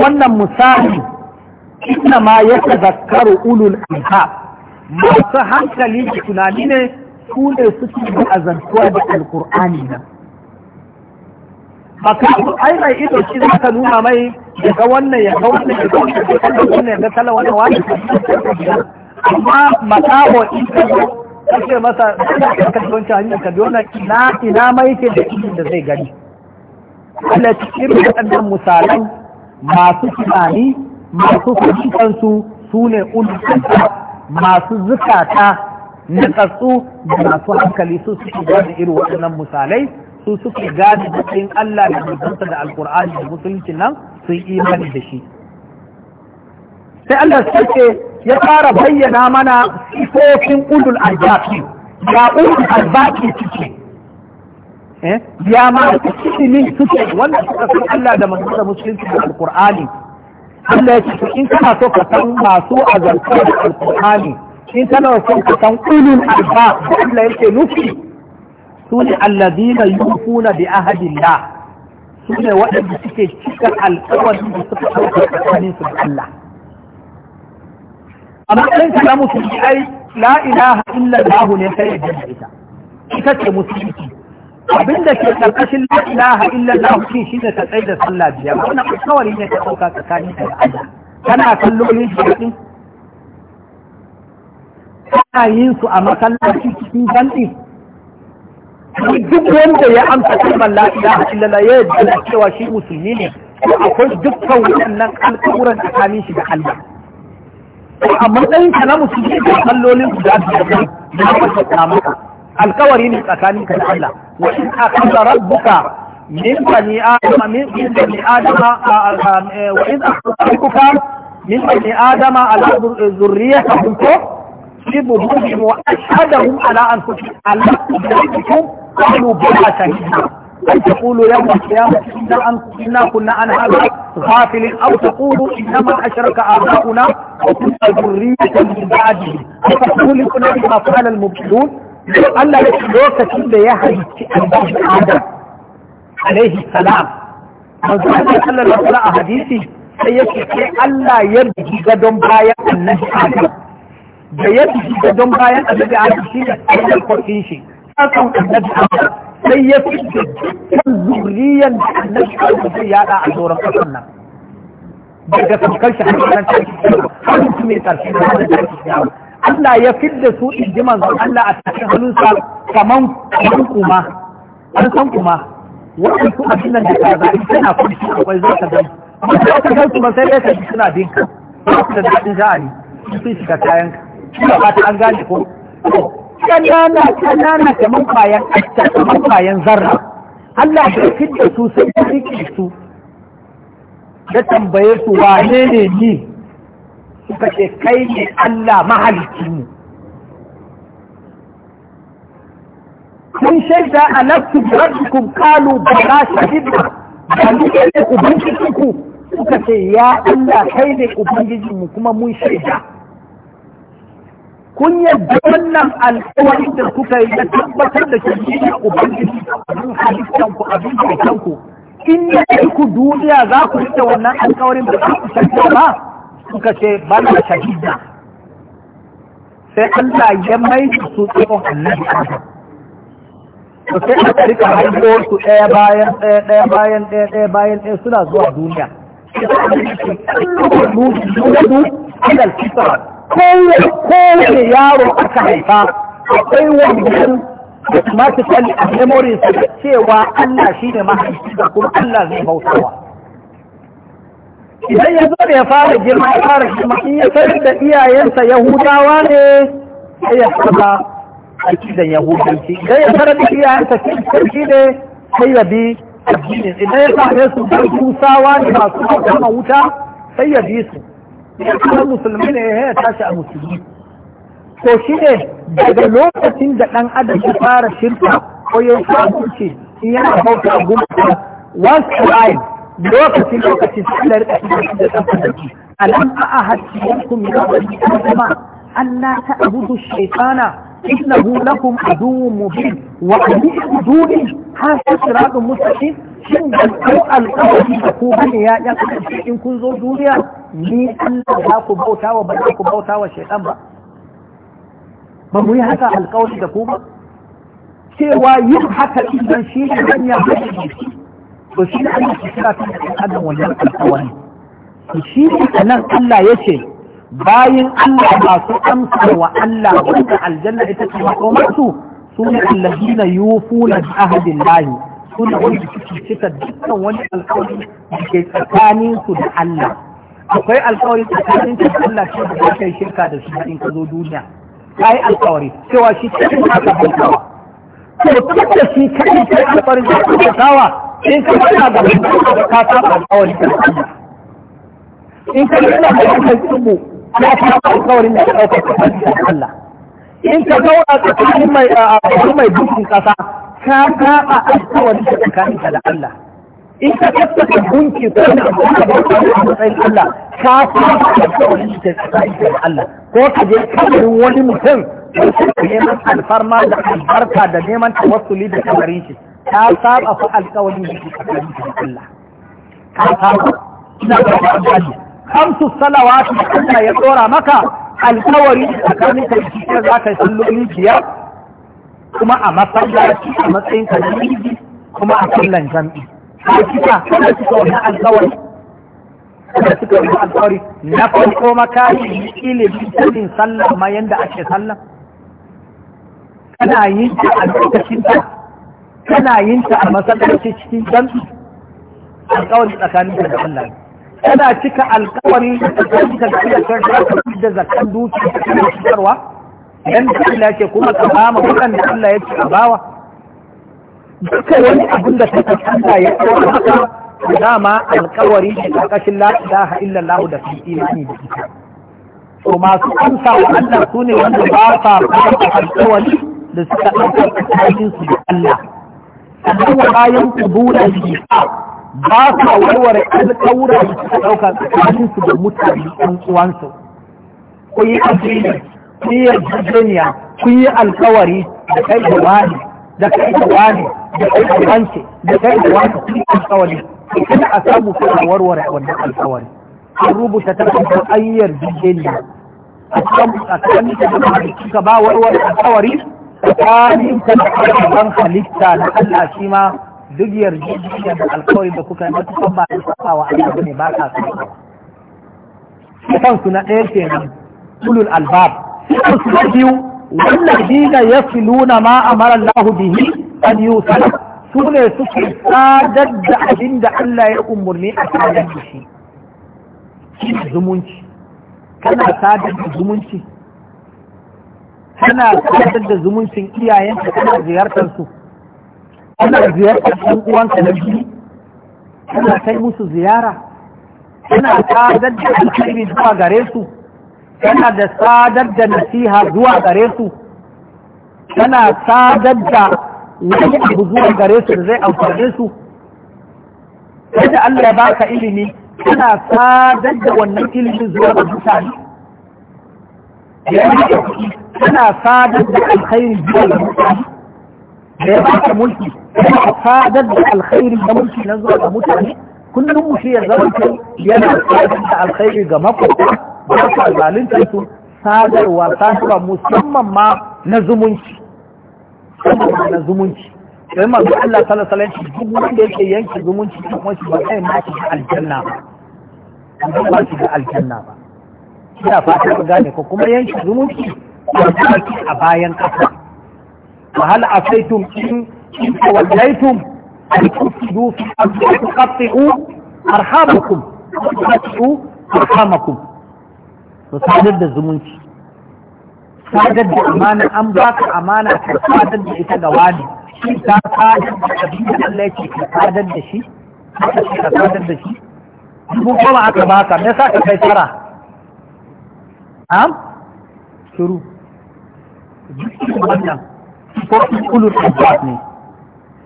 wannan misali inna ma yatazakkaru ulul albab masu hankali da tunani ne su ne suke da azantuwa da alkur'ani nan baka ai mai ido shi za ka nuna mai ya ga wannan ya ga wannan ya ga wannan ya ga wannan ya ga talawa da wani amma makawo in ka ce masa ka wancan hanyar ka ina ina mai yake da da zai gani Allah cikin waɗannan misalan masu tunani masu fahimtansu su ne ulkanta masu zukata na tsatsu da masu hankali su suke gane irin waɗannan misalai su suke gane matsayin Allah da manzansa da alkur'ani da musulunci nan sun imani da shi sai Allah sai ya fara bayyana mana sifofin ulul albaki ya ulul albaki suke eh? ya ma cikin suke wanda suka san Allah da manzo musulunci da alqur'ani Allah ya ce in kana so ka san masu azalta da alqur'ani in kana so ka san ulul albab Allah yake nufi su ne alladina yufuna bi ahadillah su ne waɗanda suke cikin alƙawarin da suka ɗauka tsakaninsu da Allah amma ɗan ka na musulmi ai la ilaha illallah ne sai ya janna ita ita ce musulmi abin da ke ƙarƙashin la ilaha illallah shi shi ne ka tsaye da sallah biyar wannan alkawari ne ka ɗauka tsakanin ka da Allah kana kallolin shi kana yin su a masallaci cikin jami'i duk wanda ya amsa kalmar la ilaha illallah ya yarda cewa shi musulmi ne akwai dukkan wannan alƙawuran tsakanin shi da Allah a matsayin ka na musulmi da kallolin guda biyar nan na wata kamata alkawari ne tsakanin ka da Allah wa in akhadha rabbuka min bani adama min bani adama eh, wa in akhadha rabbuka min bani adama ala eh, zurriyatihim ko shibuhum wa ashhadahum ala anfusihim alastu bi rabbikum qalu أن تقول يوم القيامة إن كنا كنا عن هذا غافل أو تقول إنما أشرك آباؤنا وكنت ذرية من بعده فتقول لكنا بما قال المبشرون ألا يشلوك كل يهدي أنبه آدم عليه السلام من ذلك قال الرسول أحاديثه سيكفي ألا يرجي قدم باية النبي آدم بيده قدم باية النبي آدم سيكفي أن يلقى kasan annabi sai ya fi dukkan zuriyan da annabi yada a doron kasan nan daga saukar har da Allah ya fidda su injiman zan Allah a cikin hannunsa kaman kuma an san kuma waɗansu abin nan da ka zaɓi suna kunshi akwai zai ka zama ka kuma sai ɗaya suna bin ka da daɗin sha'ani sun shiga kayan ka ba ta an gane ko kanana kanana da bayan asta da bayan zarra Allah fi da su sai ya rike su da tambaye su wane ne ni suka ce kai ne Allah mahalicci mu kun shaida a nafsu bi rabbikum da bala shahidna da ni ne ubangiji ku suka ce ya Allah kai ne ubangijinmu kuma mun shaida kun yadda wannan alkawari da kuka yi da tabbatar da shi ne ubangiji abin halittan ku abin da ku in ya yi ku duniya za ku da wannan alkawarin da ku shakka ba suka ce bana shahida sai Allah ya mai su tsohon annabi to sai aka rika haihuwar su ɗaya bayan ɗaya ɗaya bayan ɗaya ɗaya bayan ɗaya suna zuwa duniya. Ina da nufi, ina da nufi, ina da kowane yaro aka haifa akwai wannan matukal a memory su da cewa Allah shi ne mahaifi da kuma Allah zai bautawa idan ya zo da ya fara girma ya fara girma in ya sanar da iyayensa yahudawa ne sai ya saba akidan yahudanci idan ya fara da iyayensa kirkirki ne sai ya bi addinin idan ya same su don tusawa ne masu kama wuta sai ya bi su ya kuma musulmi ne ya tashi a musulmi ko shi ne daga lokacin da ɗan adam ya fara shirka ko ya yi kafirci in yana bauta gumba once a while lokacin lokacin sallar ƙasashen da ɗan adam alam a ahad yankum ya wani kuma an na ta abudu shaitana إنه لكم عدو مبين wa duni hasa siratun mustaqim shin ko alƙawari da ku bane ya ya in kun zo ni Allah za ku bauta wa ba ku bauta wa shaytan ba ba mu yi haka alƙawari da ku ba cewa yin haka idan shi ne to shi ne Allah ya kira ta da alƙawari shi ne nan Allah ya bayin Allah ba su amsa wa Allah wanda aljanna ita ce makomarsu su ne allazina yufuna bi ahdillahi su ne wanda suke cika dukkan wani alƙawari da ke tsakanin su da Allah akwai alƙawari tsakanin ka da Allah shi da kai shirka da su in ka zo duniya kai alƙawari cewa shi kai ka ka bautawa to kuma da shi kai kai alƙawarin da ka bautawa in ka fara da ka ka alƙawari da Allah in ka yi da kai kai ya fi alkawarin da ka ɗaukar da Allah in ka zauna tsakanin mai mai dukkan ƙasa ka saba alkawarin da tsakanin da Allah in ka tattaka gunki ko da a matsayin Allah ka saba alkawarin da tsakanin da Allah ko ka je wani mutum da neman alfarma da albarka da neman tawassuli da kabarin shi ka saba fa alkawarin da tsakanin da Allah ka saba ina ba ka kamsu salawa da Allah ya tsora maka alkawari tsakanin ka shi za ka salloli biyar kuma a masallaci a matsayin ka kuma a sallan jami'i ka kika su kika wani alkawari su suka wani alkawari na farko makari ilimin sanin sallah ma yanda ake sallah kana yin ta a lokacin ta kana yin ta a masallaci cikin jami'i alkawari tsakanin da Allah kana cika alkawari da suka kake karkar da zakan dukiya kana shigarwa? dan Allah ce kuma ka ba mu waɗanda Allah ya ce a bawa dukkan wani abin da kake Allah ya kawo maka dama alkawari ne karkashin la ilaha illallah da fi imani da ita to masu amsa wa Allah su wanda ba sa fara alkawari da suka ɗauka tsakanin su da Allah sannan wa bayan kubulan jiha ba sa warware alƙawura da suka ɗauka tsakanin su da mutane ɗan uwansu ku yi addini ku yi yarjejeniya ku yi alƙawari da kai da wani da kai da wani da kai da wance da kai da wani ku yi alƙawari Kuna a samu kuna warware wannan alƙawari an rubuta ta kuma an A yarjejeniya a cikin da suka ba warware alƙawari tsakanin ta da halitta na Allah shi ma duk yarjejeniya da alkawari da kuka yi matukan ba a saba wa Allah ba ne ba ka saba kansu na ɗaya kenan ulul albab kansu na biyu wannan dina ya filuna ma amara Allah bihi an yusala su ne suke sadar da abin da Allah ya umurni a sadar da shi zumunci kana sadar da zumunci kana sadar da zumuncin iyayenka kana ziyartar su ana ziyartar ɗan uwanka na biyu kai musu ziyara ana sadar da alkhairi zuwa gare su ana da sadar da nasiha zuwa gare su ana sadar da wani abu zuwa gare su da zai amfane su kada Allah ya baka ilimi ana sadar da wannan ilimin zuwa ga mutane kana sadar da alkhairi zuwa ga mutane da ya baka mulki kuma fadar da alkhairi da mulki na zuwa ga mutane kullum mu ya zama kai yana fadar da alkhairi ga makwabta ba ka zalunta su sadarwa sadarwa musamman ma na zumunci sadarwa na zumunci sai ma ga Allah sallallahu alaihi wasallam duk wanda yake yanke zumunci kuma shi ba kai ma shi aljanna ba ba shi da aljanna ba ina fata ku gane ko kuma yanke zumunci a bayan kasa وهل عسيتم ان توليتم ان تفسدوا في الارض وتقطعوا ارحامكم وتقطعوا ارحامكم وصادر الزمنش sadar da amana an ba ka amana ka sadar da ita ga wani ta sadar da abin da Allah da shi ka sadar da shi abin kuma aka baka ka me yasa ka kai tara am shuru duk wannan sifofin ulul albab ne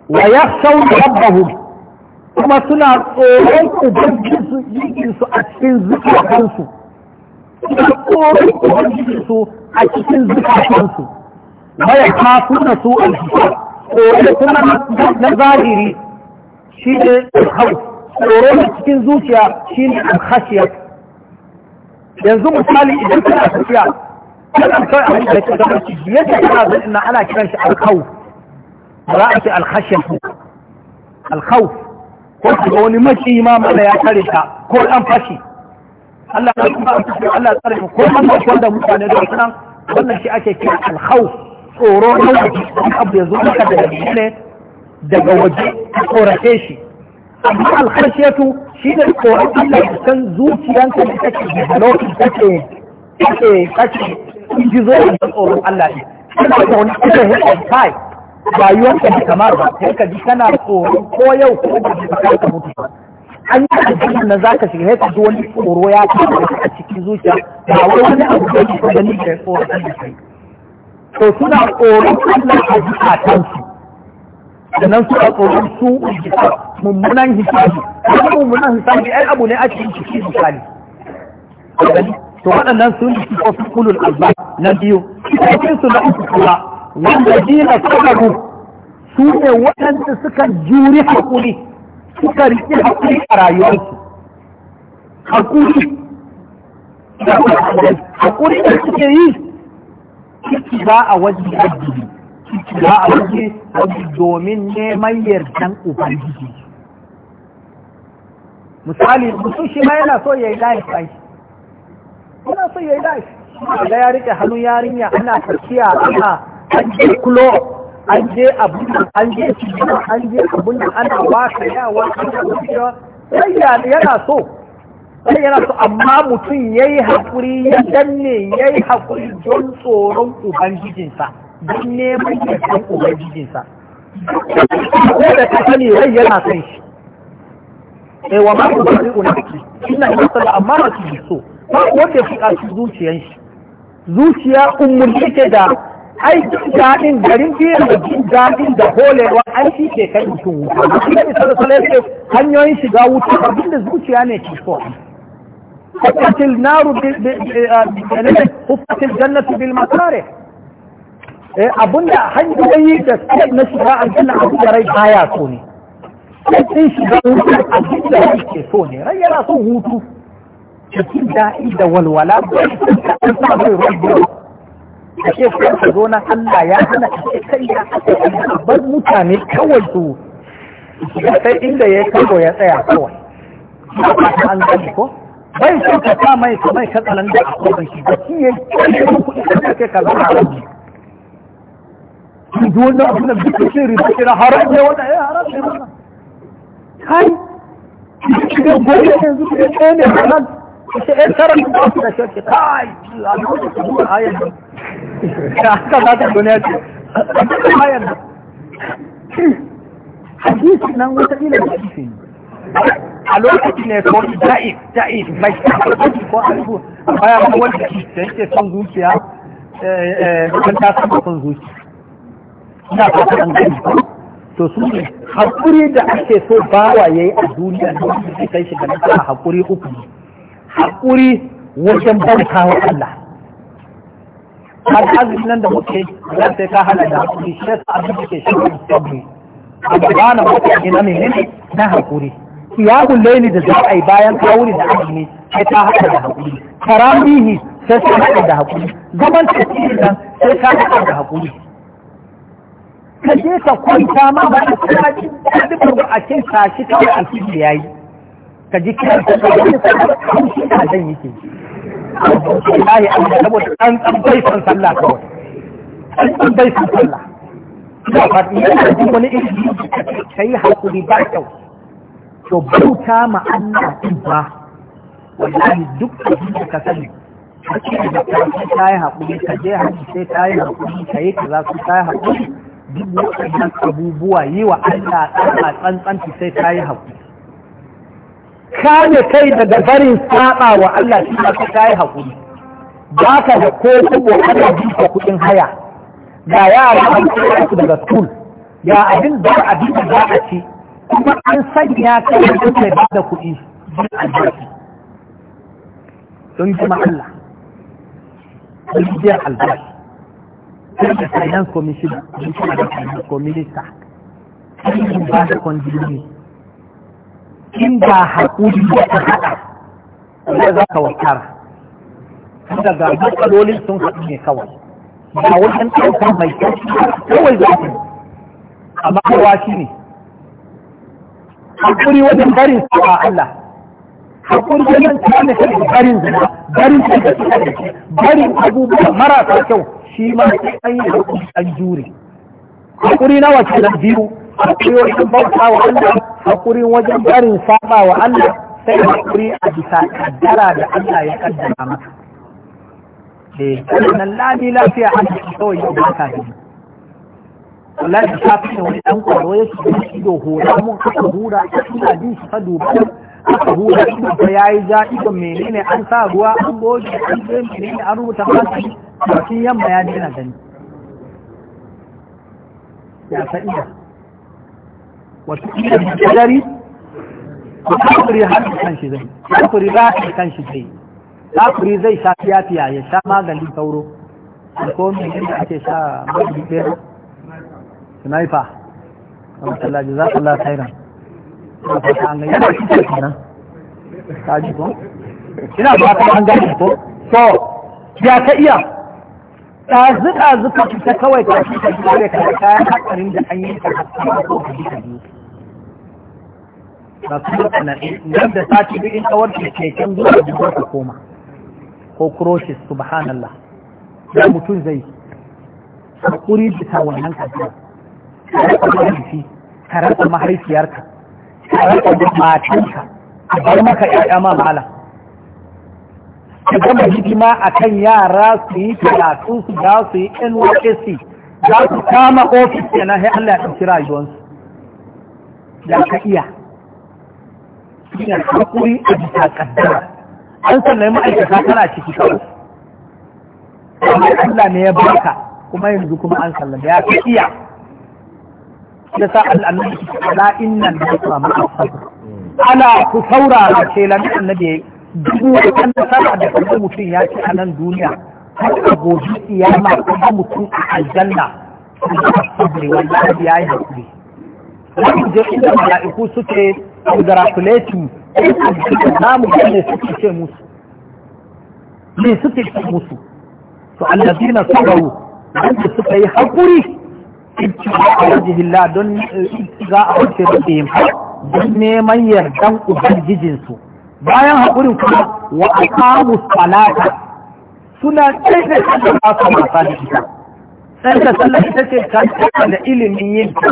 wa ya sau rabbahum kuma suna tsoron ubangijinsu su a cikin zukatansu suna tsoron su a cikin zukatansu baya ta suna su a tsoron kuma na zahiri shi ne hau tsoron na cikin zuciya shi ne alhashiyar yanzu misali idan kana tafiya wannan da ana ana kiran shi alkhawf za a ce ko ga wani maki ma mana ya kare ko an fashi Allah ya kuma Allah ya tsare ko an fashi da mutane da sunan wannan shi ake kira alkhawf tsoro na waje abu ya zo maka daga ne daga waje tsorace shi amma alkhashiyatu shi ne tsoron Allah ya zuciyanka da kake da lokacin kake kake ji zo da tsoron Allah ne kana da wani irin hidden kai rayuwar ka kamar ba sai ka ji kana tsoron ko yau ko da ka ka mutu an yi aljanna na za ka shiga sai ka ji wani tsoro ya kama a cikin zuciya ba wai wani abu da ke gani da tsoron Allah kai to suna tsoron Allah a zukatansu da nan suka tsoron su mummunan hisabi mummunan hisabi ai abu ne a cikin ciki misali to waɗannan sun yi kofi kulul alba na biyu cikin su na uku kula wanda dina sabaru su ne waɗanda suka juri hakuri suka riƙe haƙuri a rayuwarsu hakuri hakuri da suke yi ciki ba a wajen addini ciki ba a wajen wajen domin neman yardan ubangiji misali mutum shi ma yana so ya yi layi yana so ya yi dashi da ya rike hannun yarinya ana tafiya ana an je kulo an je abun an je an je abun da ana ba ka yawa yana so sai yana so amma mutum ya yi haƙuri ya danne ya yi haƙuri don tsoron ubangijinsa don neman yardan ubangijinsa ko da ka sani rai yana son shi eh wa ma ku bari unaki ina yi sallah amma ba su so ba wanda shi a shi zuciyan shi zuciya umurce ke da aikin daɗin garin biyar da jin daɗin da holewa an shi ke kai mutum wuta shi ne sarsalai hanyoyin shiga wuta abin da zuciya ne ke so حفت النار حفت الجنة بالمكاره abun da hanyoyi da suke na shiga aljanna abu da rai baya so ne sai shiga wuta abin da rai ke so ne rai yana son hutu cikin daɗi da walwala an sa mai ruwan a ke kuma ka zo na Allah ya hana a ce kai ya bar mutane kawai su sai inda ya kago ya tsaya kawai an gani ko bai so ka sa mai ka mai katsalan da akwai ban shi da shi ya yi kuɗi da kake ka zama haraji duk wannan abin da duk shi riba kira haram ne wannan ya eh, haram ne wannan kai shi ga gobe yanzu ne halal ita yan tarar da su da shirki kai a da su da ta haka za ta duniya ce a da hadisi nan wata da hadisi a lokaci ne ko mai ko a da yake son zuciya kan eh, eh, ta son zuciya ina gani to su ne haƙuri da ake so bawa ya yi a duniya da wanda kai shi da nasa haƙuri uku ne haƙuri wajen bauta wa Allah har azumi nan da muke za sai ka hana da haƙuri shi yasa abin da ke shirin sabbi a gabana mutane na ne na haƙuri kiyahun laini da za a yi bayan kawuri da azumi sai ta hana da haƙuri karamihi sai ka hana da haƙuri gaban tafiyar nan sai ta hana da haƙuri ka je ka kwanta ma ba ka kuma a cin tashi kawai alfiji ya yi ka ji kiran ka ga wani haushi da zan yake wallahi an da saboda an an bai san sallah kawai an bai san sallah da fadi yana jin wani irin yi hakuri ba kyau to bauta ma Allah din ba wallahi duk abin da ka sani kake da karfi ta yi haƙuri ka je hajji sai ta yi haƙuri. ka yi kaza su ta yi hakuri duk waɗannan abubuwa yi wa Allah tsantsanci sai ta yi haƙuri. kame kai daga barin saba wa Allah shi ba ka yi hakuri ba ka da ko kubo ana ji ka kudin haya ga yara an kira su daga school ya abin da abin da za a ci kuma an sanya kai da kai ba da kuɗi sun jima Allah Aljiyar jiya albashi sun da finance commission sun da finance commission sun ba da kwanjini in ba haƙuri da ta haɗa da za ka wakara tunda ga matsalolin sun haɗu ne kawai ba wajen ɗaukar mai kyau kawai za ka amma kowa shi ne haƙuri wajen barin sa'a Allah haƙuri wajen tsane kan barin zina barin tsaka da shi barin abubuwa marasa kyau shi ma sai an yi haƙuri an jure haƙuri nawa kenan biyu haƙuri wajen bauta wa Allah hakuri wajen barin saba wa Allah sai hakuri a bisa kaddara da Allah ya kaddara maka eh nan lami lafiya an ta kawai ya baka da wallahi ta fi wani ɗan kwaro ya shi ido hora mun aka hura ina jin shi fa duba aka hura ido ya yayi ja ido menene an sa ruwa an goge an je menene an rubuta fasi cikin yamma ya dina gani ya sa ido wata iya da kadari ko kafiri har kan shi zai kafiri ba kan shi zai kafiri zai sha fiya ya sha maganin sauro ko mai yadda ake sha maganin ɗaya sniper a matsalaji za su latairan a fata an ganyar da suke kenan ta ji ko ina ba ta an gani ko so ya ka iya ɗazu ɗazu ka fita kawai ka fita kawai ka kayan hatsarin da an yi ka hatsarin ko ka ji ka biyu ba su da tsanani nan eh, da sati biyu in kawar da keken zuwa da ka koma ko crosses subhanallah da mutum zai hakuri da ta wannan kasuwa ka rasa mahaifi ka rasa mahaifiyarka ka rasa matanka a bar maka ƴaƴa ma malam ka gama hidima a kan yara su yi karatu su za su yi nysc za su kama ofis yana sai Allah ya ɗauki rayuwarsu da ka iya shi ne hakuri a bisa kaddara an sallai ma'aikata tana ciki kawo amma Allah ne ya baka kuma yanzu kuma an sallama ya fi iya da sa al'annabi ala inna da ya samu sabr ala ku saurara ce lan annabi dubu da kan da sa da kan mutum ya ci a nan duniya har da gobe kiyama kuma mutum a aljanna sabri wallahi ya yi hakuri wani da inda mala'iku suke congratulatu namu ne suke ce musu ne suke ce musu to allazina sabaru wanda suka yi hakuri ibtiga a wajihillah don ibtiga eh, a wuce ba. don neman yardan ubangijinsu bayan haƙurin kuma wa aqamu salata suna tsaye da ba su masa da ita sai da sallah ita ce ta da ilimin yin ta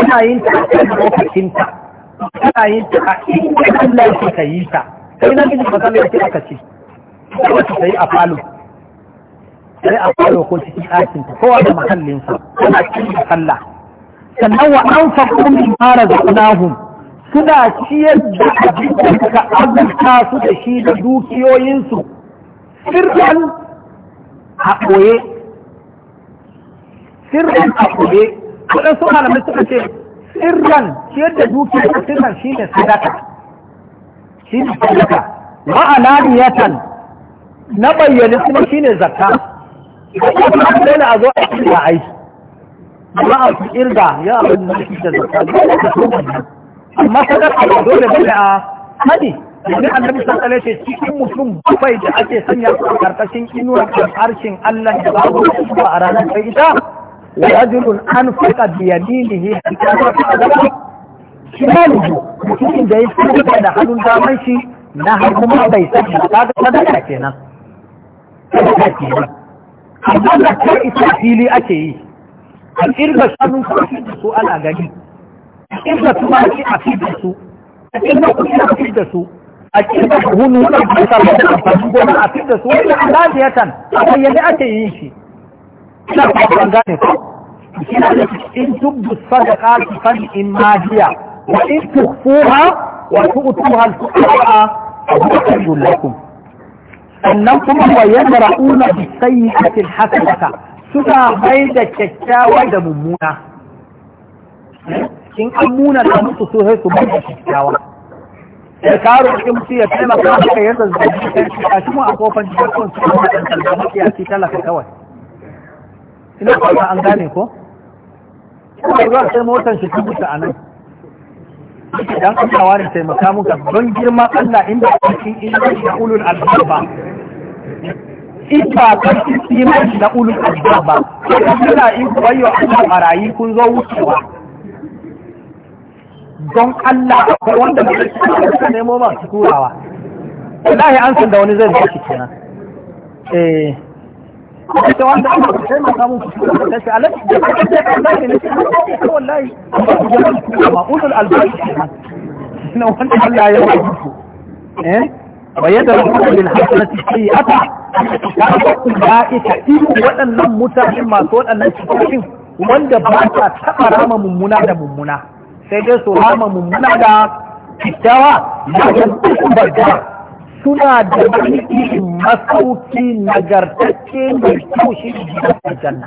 ina yin ta a lokacin ta kana yin ta a inda Allah ya ka yi ta sai na miji masallah ya ce aka ce wata sai a falo sai a falo ko cikin ɗakin ta kowa da sa kana cikin sallah sannan wa an faɗo min mara zaɓunahun suna ciyar da abin da suka azurta su da shi da dukiyoyinsu sirran a ɓoye sirran a ɓoye waɗansu malamai suka ce sirran ciyar da dukiya sirran shi ne sadaka shi ne sadaka ma'alaniyatan na bayyane kuma shi ne zakka dole a zo a cikin aiki ba a su irga ya abin da shi da zakka dole ka so amma sadaka ba dole ba a hadi yanzu annabi sallallahu alaihi ce cikin mutum bai da ake sanya a karkashin inuwar harshen Allah da babu ba a ranar kai ita ورجل أنفق بيمينه شماله mutumin da ya sadaka da hannun daman shi na har kuma bai sani ba kaga sadaka kenan sadaka kenan amma da ta isa fili ake yi a kirga shanun kwafi da su ana gani a kirga kuma a fi da su a kirga kuɗi a fi da su a kirga buhun da kasar da amfani gona a fi da su wani da tan a bayyane ake yin shi ina ba ku gane ko kina da in tubdu sadaqati fa in mahiya wa in tukhfuha wa tu'tuha al-fuqara fa khayrun lakum sannan kuma wa yadra'una bi sayyi'ati al-hasanata suka bai da kyakkyawa da mummuna in an muna da musu so sai su bai da kyakkyawa da karo cikin mutum ya taimaka maka yadda zai yi a shi mu a kofar jikin sun su da ɗan talgama ya ce talaka kawai ina ba an gane ko kuma zuwa sai motar shi tun a nan dan Allah ne taimaka muka don girma Allah inda kake inda ya ulul albaba ita kan imani da ulul albaba kana in wayo a barayi kun zo wucewa don Allah akwai wanda ba su nemo masu turawa wallahi an san da wani zai zo shi kenan eh ita wanda aka ku sai maka mu ku ta shi alai da kake da kai ne ko wallahi ma ulul albab na wanda Allah ya yi eh wa yadruku bil hasanati sayyi'ata ka ita irin waɗannan mutane masu waɗannan cikin wanda ba ta taɓa rama mummuna da mummuna sai dai su rama mummuna da kyakkyawa ya san barka suna da wani masauki nagartacce mai kyau da ne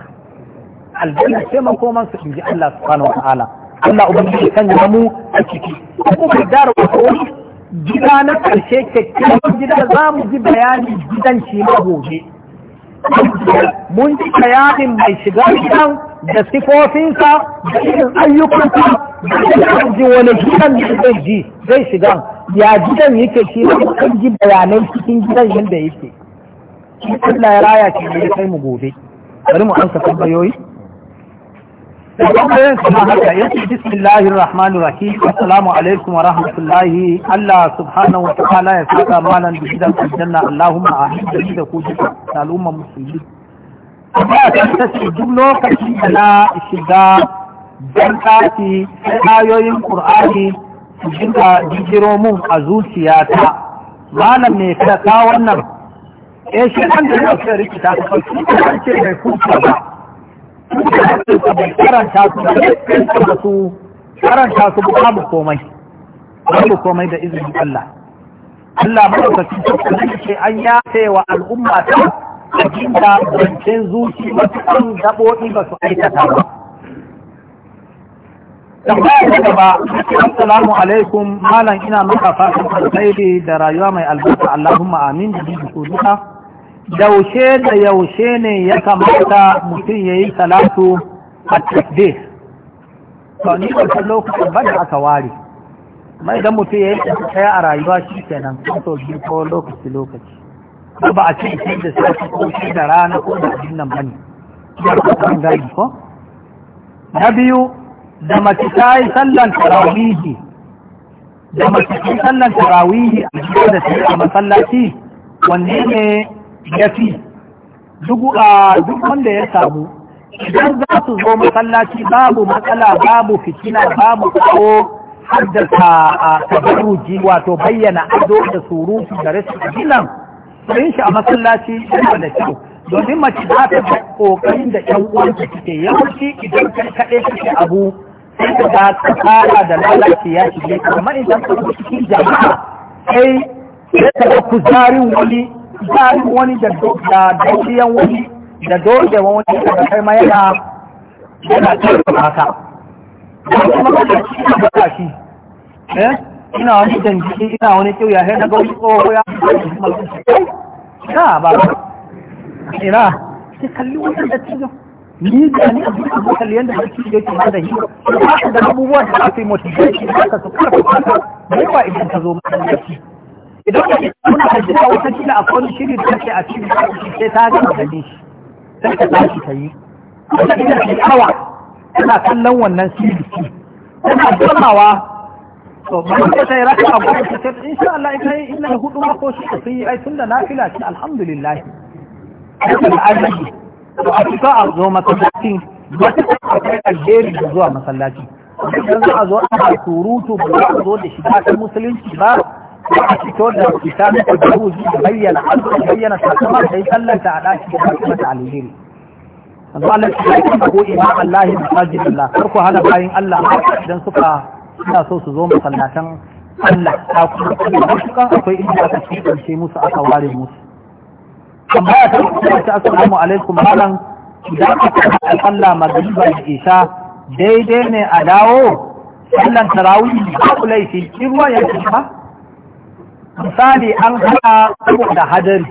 aljanna sai ce koma su inji Allah subhanahu wataala Allah ubangiji kan ya mu a ciki dara dar wani gida na karshe kyakkyawan gida za mu ji bayani gidan shi ma gobe mun ji bayanin mai shiga gidan da sifofinsa da irin ayyukansa da irin ji wani gidan da zai ji zai shiga ya gidan yake shi ne kan ji bayanai cikin gidan yadda yake Allah ya raya ke ne kai mu gobe bari mu amsa tambayoyi da kwakwai kuma haka ya ce bismillahir rahmanir rahim assalamu alaikum wa rahmatullahi Allah subhanahu wa ya saka malan da gidan Allahumma ahin da da ku duka da al'umma musulmi ta ce duk lokacin da na shiga dan kafi sai ayoyin qur'ani su dinga mun a zuciyata malam ne ka ka wannan eh shi an da ya rikita ka ce bai kuka ba karanta su da su karanta su babu komai babu komai da izinin Allah Allah madaukakin sarki sai an yafe wa al'umma ta cikin da zancen zuci wasu an gaɓoɓi ba su aikata ba. Tambaya ta gaba, Assalamu alaikum, malam ina maka fatan alkhairi da rayuwa mai albarka Allahumma amin da bi duka. yaushe da yaushe ne ya kamata mutum ya yi salatu a tafde to ni wancan lokacin ba da aka ware mai idan mutum ya yi tafiya a rayuwa shi kenan nan to biyu ko lokaci lokaci ko ba a ce shi da safi ko shi da rana ko da abin nan bane ya ka san gani ko na biyu da mace ta yi sallan tarawihi da mace ta yi sallan tarawihi a gida da ta yi a masallaci wanne ne ya fi duk wanda ya samu idan za su zo masallaci babu matsala babu fitina babu ko haddasa a tabaruji wato bayyana ado da surufi da rashin abinan sayin shi a masallaci yana da kyau domin mace za ta ga kokarin da ƴan uwanta suke yawanci idan kai kaɗai suke abu sai ka ga tsara da lalace ya shige kamar idan ka cikin jama'a sai ka ga kuzarin wani tsarin wani da daukiyan wani da dole wani da kai ma yana yana karfafa ka kuma kada shi ka baka shi eh ina wani dangi ina wani kyau ya sai na ga wani tsoho ya ka ba ina ki kalli wannan da cikin ni da ni a duk kalli yanda da cikin yake ma da shi da abubuwan da ake motivation da ka su karfafa ka ba idan ka zo ma da shi idan ka muna hajjita wata kila a wani shiri da ke a cikin sai ta ga gani sai ka tashi ka yi wata kila sai awa tana kallon wannan sirri tana gamawa to ban ka sai raka a gurin ta sai insha Allah in kai illa hudu ma ko shi yi ai tunda nafila ce alhamdulillah da arziki to a fita a zo masallaci ba ta kai alheri zuwa masallaci idan za a zo a surutu ba za a zo da shiga ta musulunci ba a fito da isa da kudu zai bayyana alƙa bayyana sakamar da ya tallata a ɗaki da ɗaki mata alheri yanzu Allah ya yi ko ina Allah ya masajid Allah kar ku hana bayin Allah idan suka suna so su zo masallatan Allah ta kuma kan akwai inda aka kance musu aka ware musu amma ta ta asalamu alaikum malam idan aka Allah magriba da isha daidai ne a dawo sallan tarawih ba ku laifi in ruwa ya ci ba misali an hana saboda hadari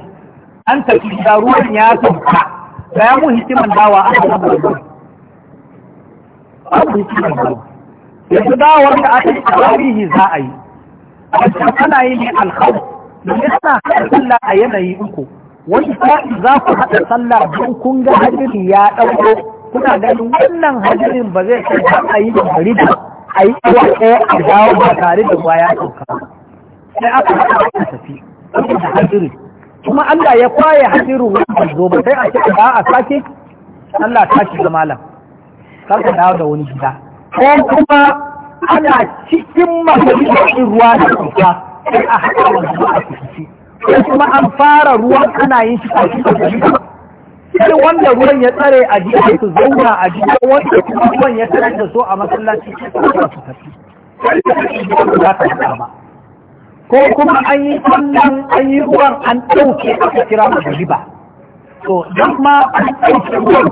an tafi da ruwan ya sauka da ya mu hikiman dawa an hana ruwan babu hikiman dawa yanzu dawar da aka yi tarihi za a yi ana yi ne alhamu domin ana haɗa sallah a yanayi uku wani sa'i za ku haɗa sallah don kun ga hadiri ya ɗauko kuna ganin wannan hadirin ba zai kai a yi da bari a yi ɗaya a dawo ba tare da ruwa ya ɗauka sai aka aka tafi hadirin kuma Allah ya kwaye hadirin wannan ba sai a ce ba a sake Allah ta ci malam kar ka dawo da wani gida ko kuma ana cikin mafi ruwa da kuka sai a haɗa wannan ba a tafi ko kuma an fara ruwan ana yin shi a cikin sai wanda ruwan ya tsare a jiya su zauna a jiya wanda kuma ruwan ya tsare da so a masallaci su tafi sai ka tafi ba ta ba ko kuma an yi wannan an an ɗauke aka kira mu riba to don ma an ɗauke ruwan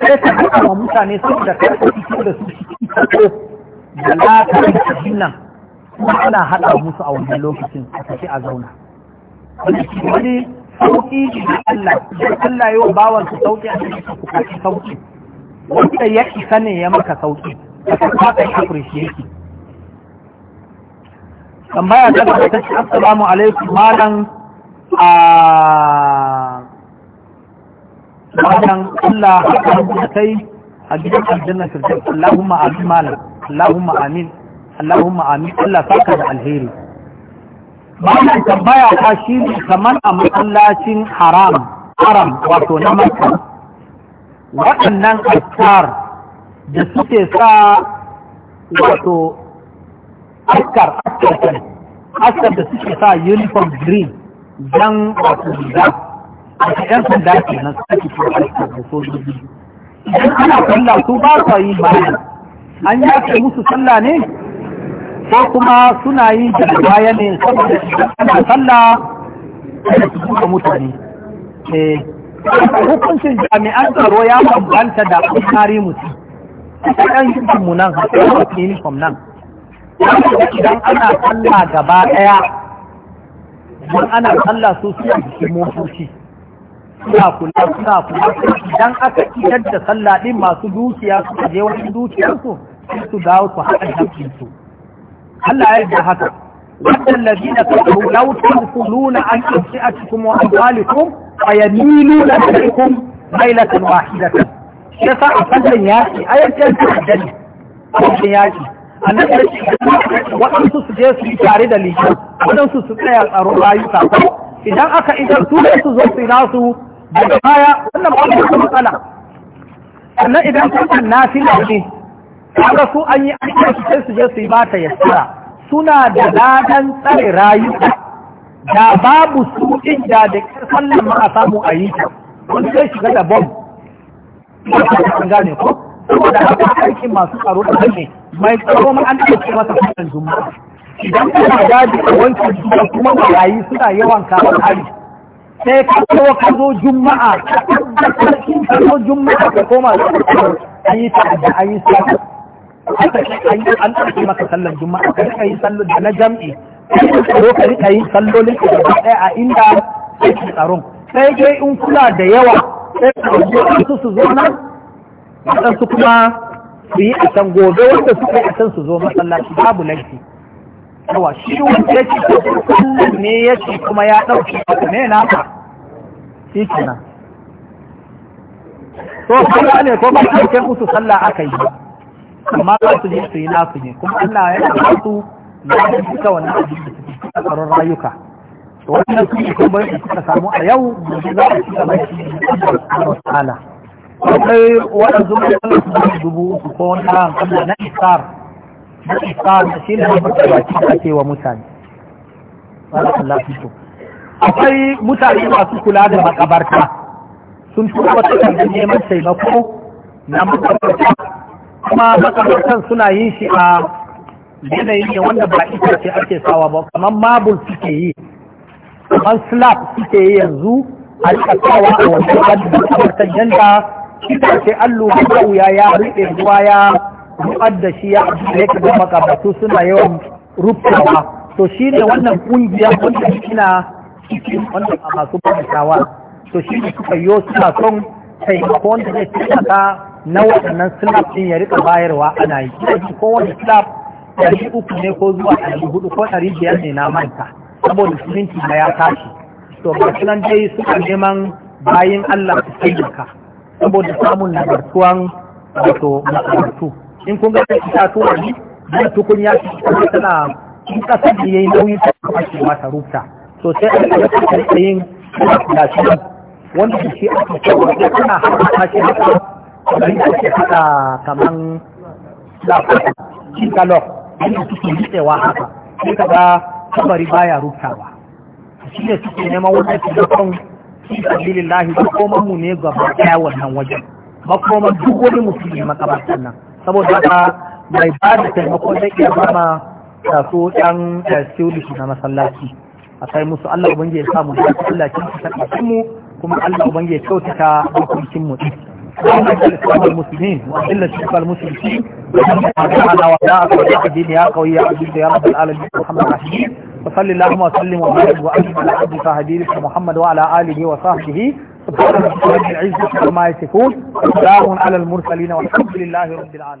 sai ka ga wa mutane su da kai fito da su da lafiyar cikin nan kuma ana haɗa musu a wannan lokacin a tafi a zauna wani sauƙi ne da Allah idan Allah yi wa bawan su sauƙi a cikin ku kashi sauƙi wanda ya isa ne ya maka sauƙi ka ka ka appreciate tambaya ta gaba ta ce assalamu alaikum malam a malam Allah haka rubuta kai a gidan aljanna firdaus Allahumma amin malam Allahumma amin Allahumma amin Allah saka da alheri malam tambaya ta shi ne kamar a masallacin haram haram wato na makka waɗannan asar da suke sa wato askar askar kan askar da suke sa uniform green jan wato da a yan sanda ke nan suke ko askar da sojoji idan ana sallah su ba sa yi bayan an ake musu sallah ne ko kuma suna yi da baya ne saboda idan ana sallah da su buga mutane eh, hukuncin jami'an tsaro ya bambanta da ƙasari mutum. Kusa ɗan yankin mu nan, haɗe da uniform nan. idan ana sallah gaba ɗaya idan ana sallah su suna jikin motoci suna kula suna kula idan aka idar da sallah din masu dukiya su je wani dukiyarsu su dawo su haɗa jamfin su Allah ya yarda haka wannan ladina kafaru law tadkhuluna an a anfi'atikum wa amwalikum fa yamiluna ilaykum mailatan wahidatan yasa a sallan yaki ayatul haddani a sallan yaƙi. annabi waɗansu su je su tare da lijan waɗansu su tsaya tsaron rayuka idan aka idan su ne su zo su nasu daga baya wannan ba wata matsala sannan idan na fi ne kaga su an yi aiki sai su je su yi mata yassara suna da ladan tsare rayuka da babu su inda da sallan ma a samu a yi wani zai shiga da bom ko saboda haka aikin masu tsaro da ne mai tsaro ma an ɗauke masa wannan juma'a idan kana daji a wanke juma'a kuma barayi suna yawan kawo hari sai ka kawo ka zo juma'a ka zo juma'a ka koma an yi ta da an yi sa an ɗauke maka sallar juma'a ka rika yi sallar da na jam'i ka rika yi sallolin ka da ɗaya a inda ake tsaron sai dai in kula da yawa sai ka zo su su zo nan waɗansu kuma su yi a can gobe wanda suka yi a can su zo masallaci babu laifi yawa shi wanda ya ce kullum ne ya ce kuma ya ɗauki haka ne na ka shi nan to kuma ne ko ba kai musu sallah aka yi amma za su je su yi nasu ne kuma Allah ya ba su ya duka wannan abin da suke tsaron rayuka wannan su ne kuma suka samu a yau da za su ci gaba da shi Allah akwai wata zuwa da su zuwa dubu uku ko wani ran Allah na isar na isar da shi ne ba, baki ake wa mutane akwai mutane masu kula da makabarta sun tura wata kamar neman taimako na makabarta kuma makabartan suna yin shi a yanayin ne wanda ba ita ce ake sawa ba kamar mabul suke yi kamar slap suke yi yanzu a rika sawa a wajen makabartan yanda itace allu da wuya ya rufe zuwa ya ruɓar da shi ya ne ka ga makabatu suna yawan rubtawa to shi ne wannan ƙungiya wanda ina cikin wanda a masu bukatawa to shi ne suka yi suna son taimako wanda zai taimaka na waɗannan slap ɗin ya rika bayarwa ana yi kowane slap ɗari uku ne ko zuwa ɗari hudu ko ɗari biyar ne na manta saboda siminti na ya tashi to ga sunan dai suka neman bayin Allah su taimaka saboda samun nagartuwan wato masarautu in kun ga ta tuwa ne zai tukun ya kuma tana in kasar da yayi ta kuma ce mata rubuta so sai an yi tsayin shi wanda da shi aka cewa da kana haka shi haka da shi haka kaman lafiya shi kalok suke nitsewa haka sai ka ga kabari baya rubutawa shi ne suke neman wani taimakon fi sabilillahi makoman mu ne gaba daya wannan wajen makoman duk wani musulmi makabartan nan saboda haka mai ba da taimako zai iya bama taso ɗan eh, siwilishi na masallaci a kai musu Allah ubangi ya samu da Allah kin ta mu kuma Allah ubangi ya kyautata hukuncin mu وحدة الإسلام المسلمين وحلة الشرك المشركين وحدنا وداعك وداع الدين يا قوي يا عزيز يا رب العالمين محمد الرحيم وصل اللهم وسلم وبارك وأجمل على عبدك هديك محمد وعلى آله وصحبه سبحان رب العزة عما يصفون وسلام على المرسلين والحمد لله رب العالمين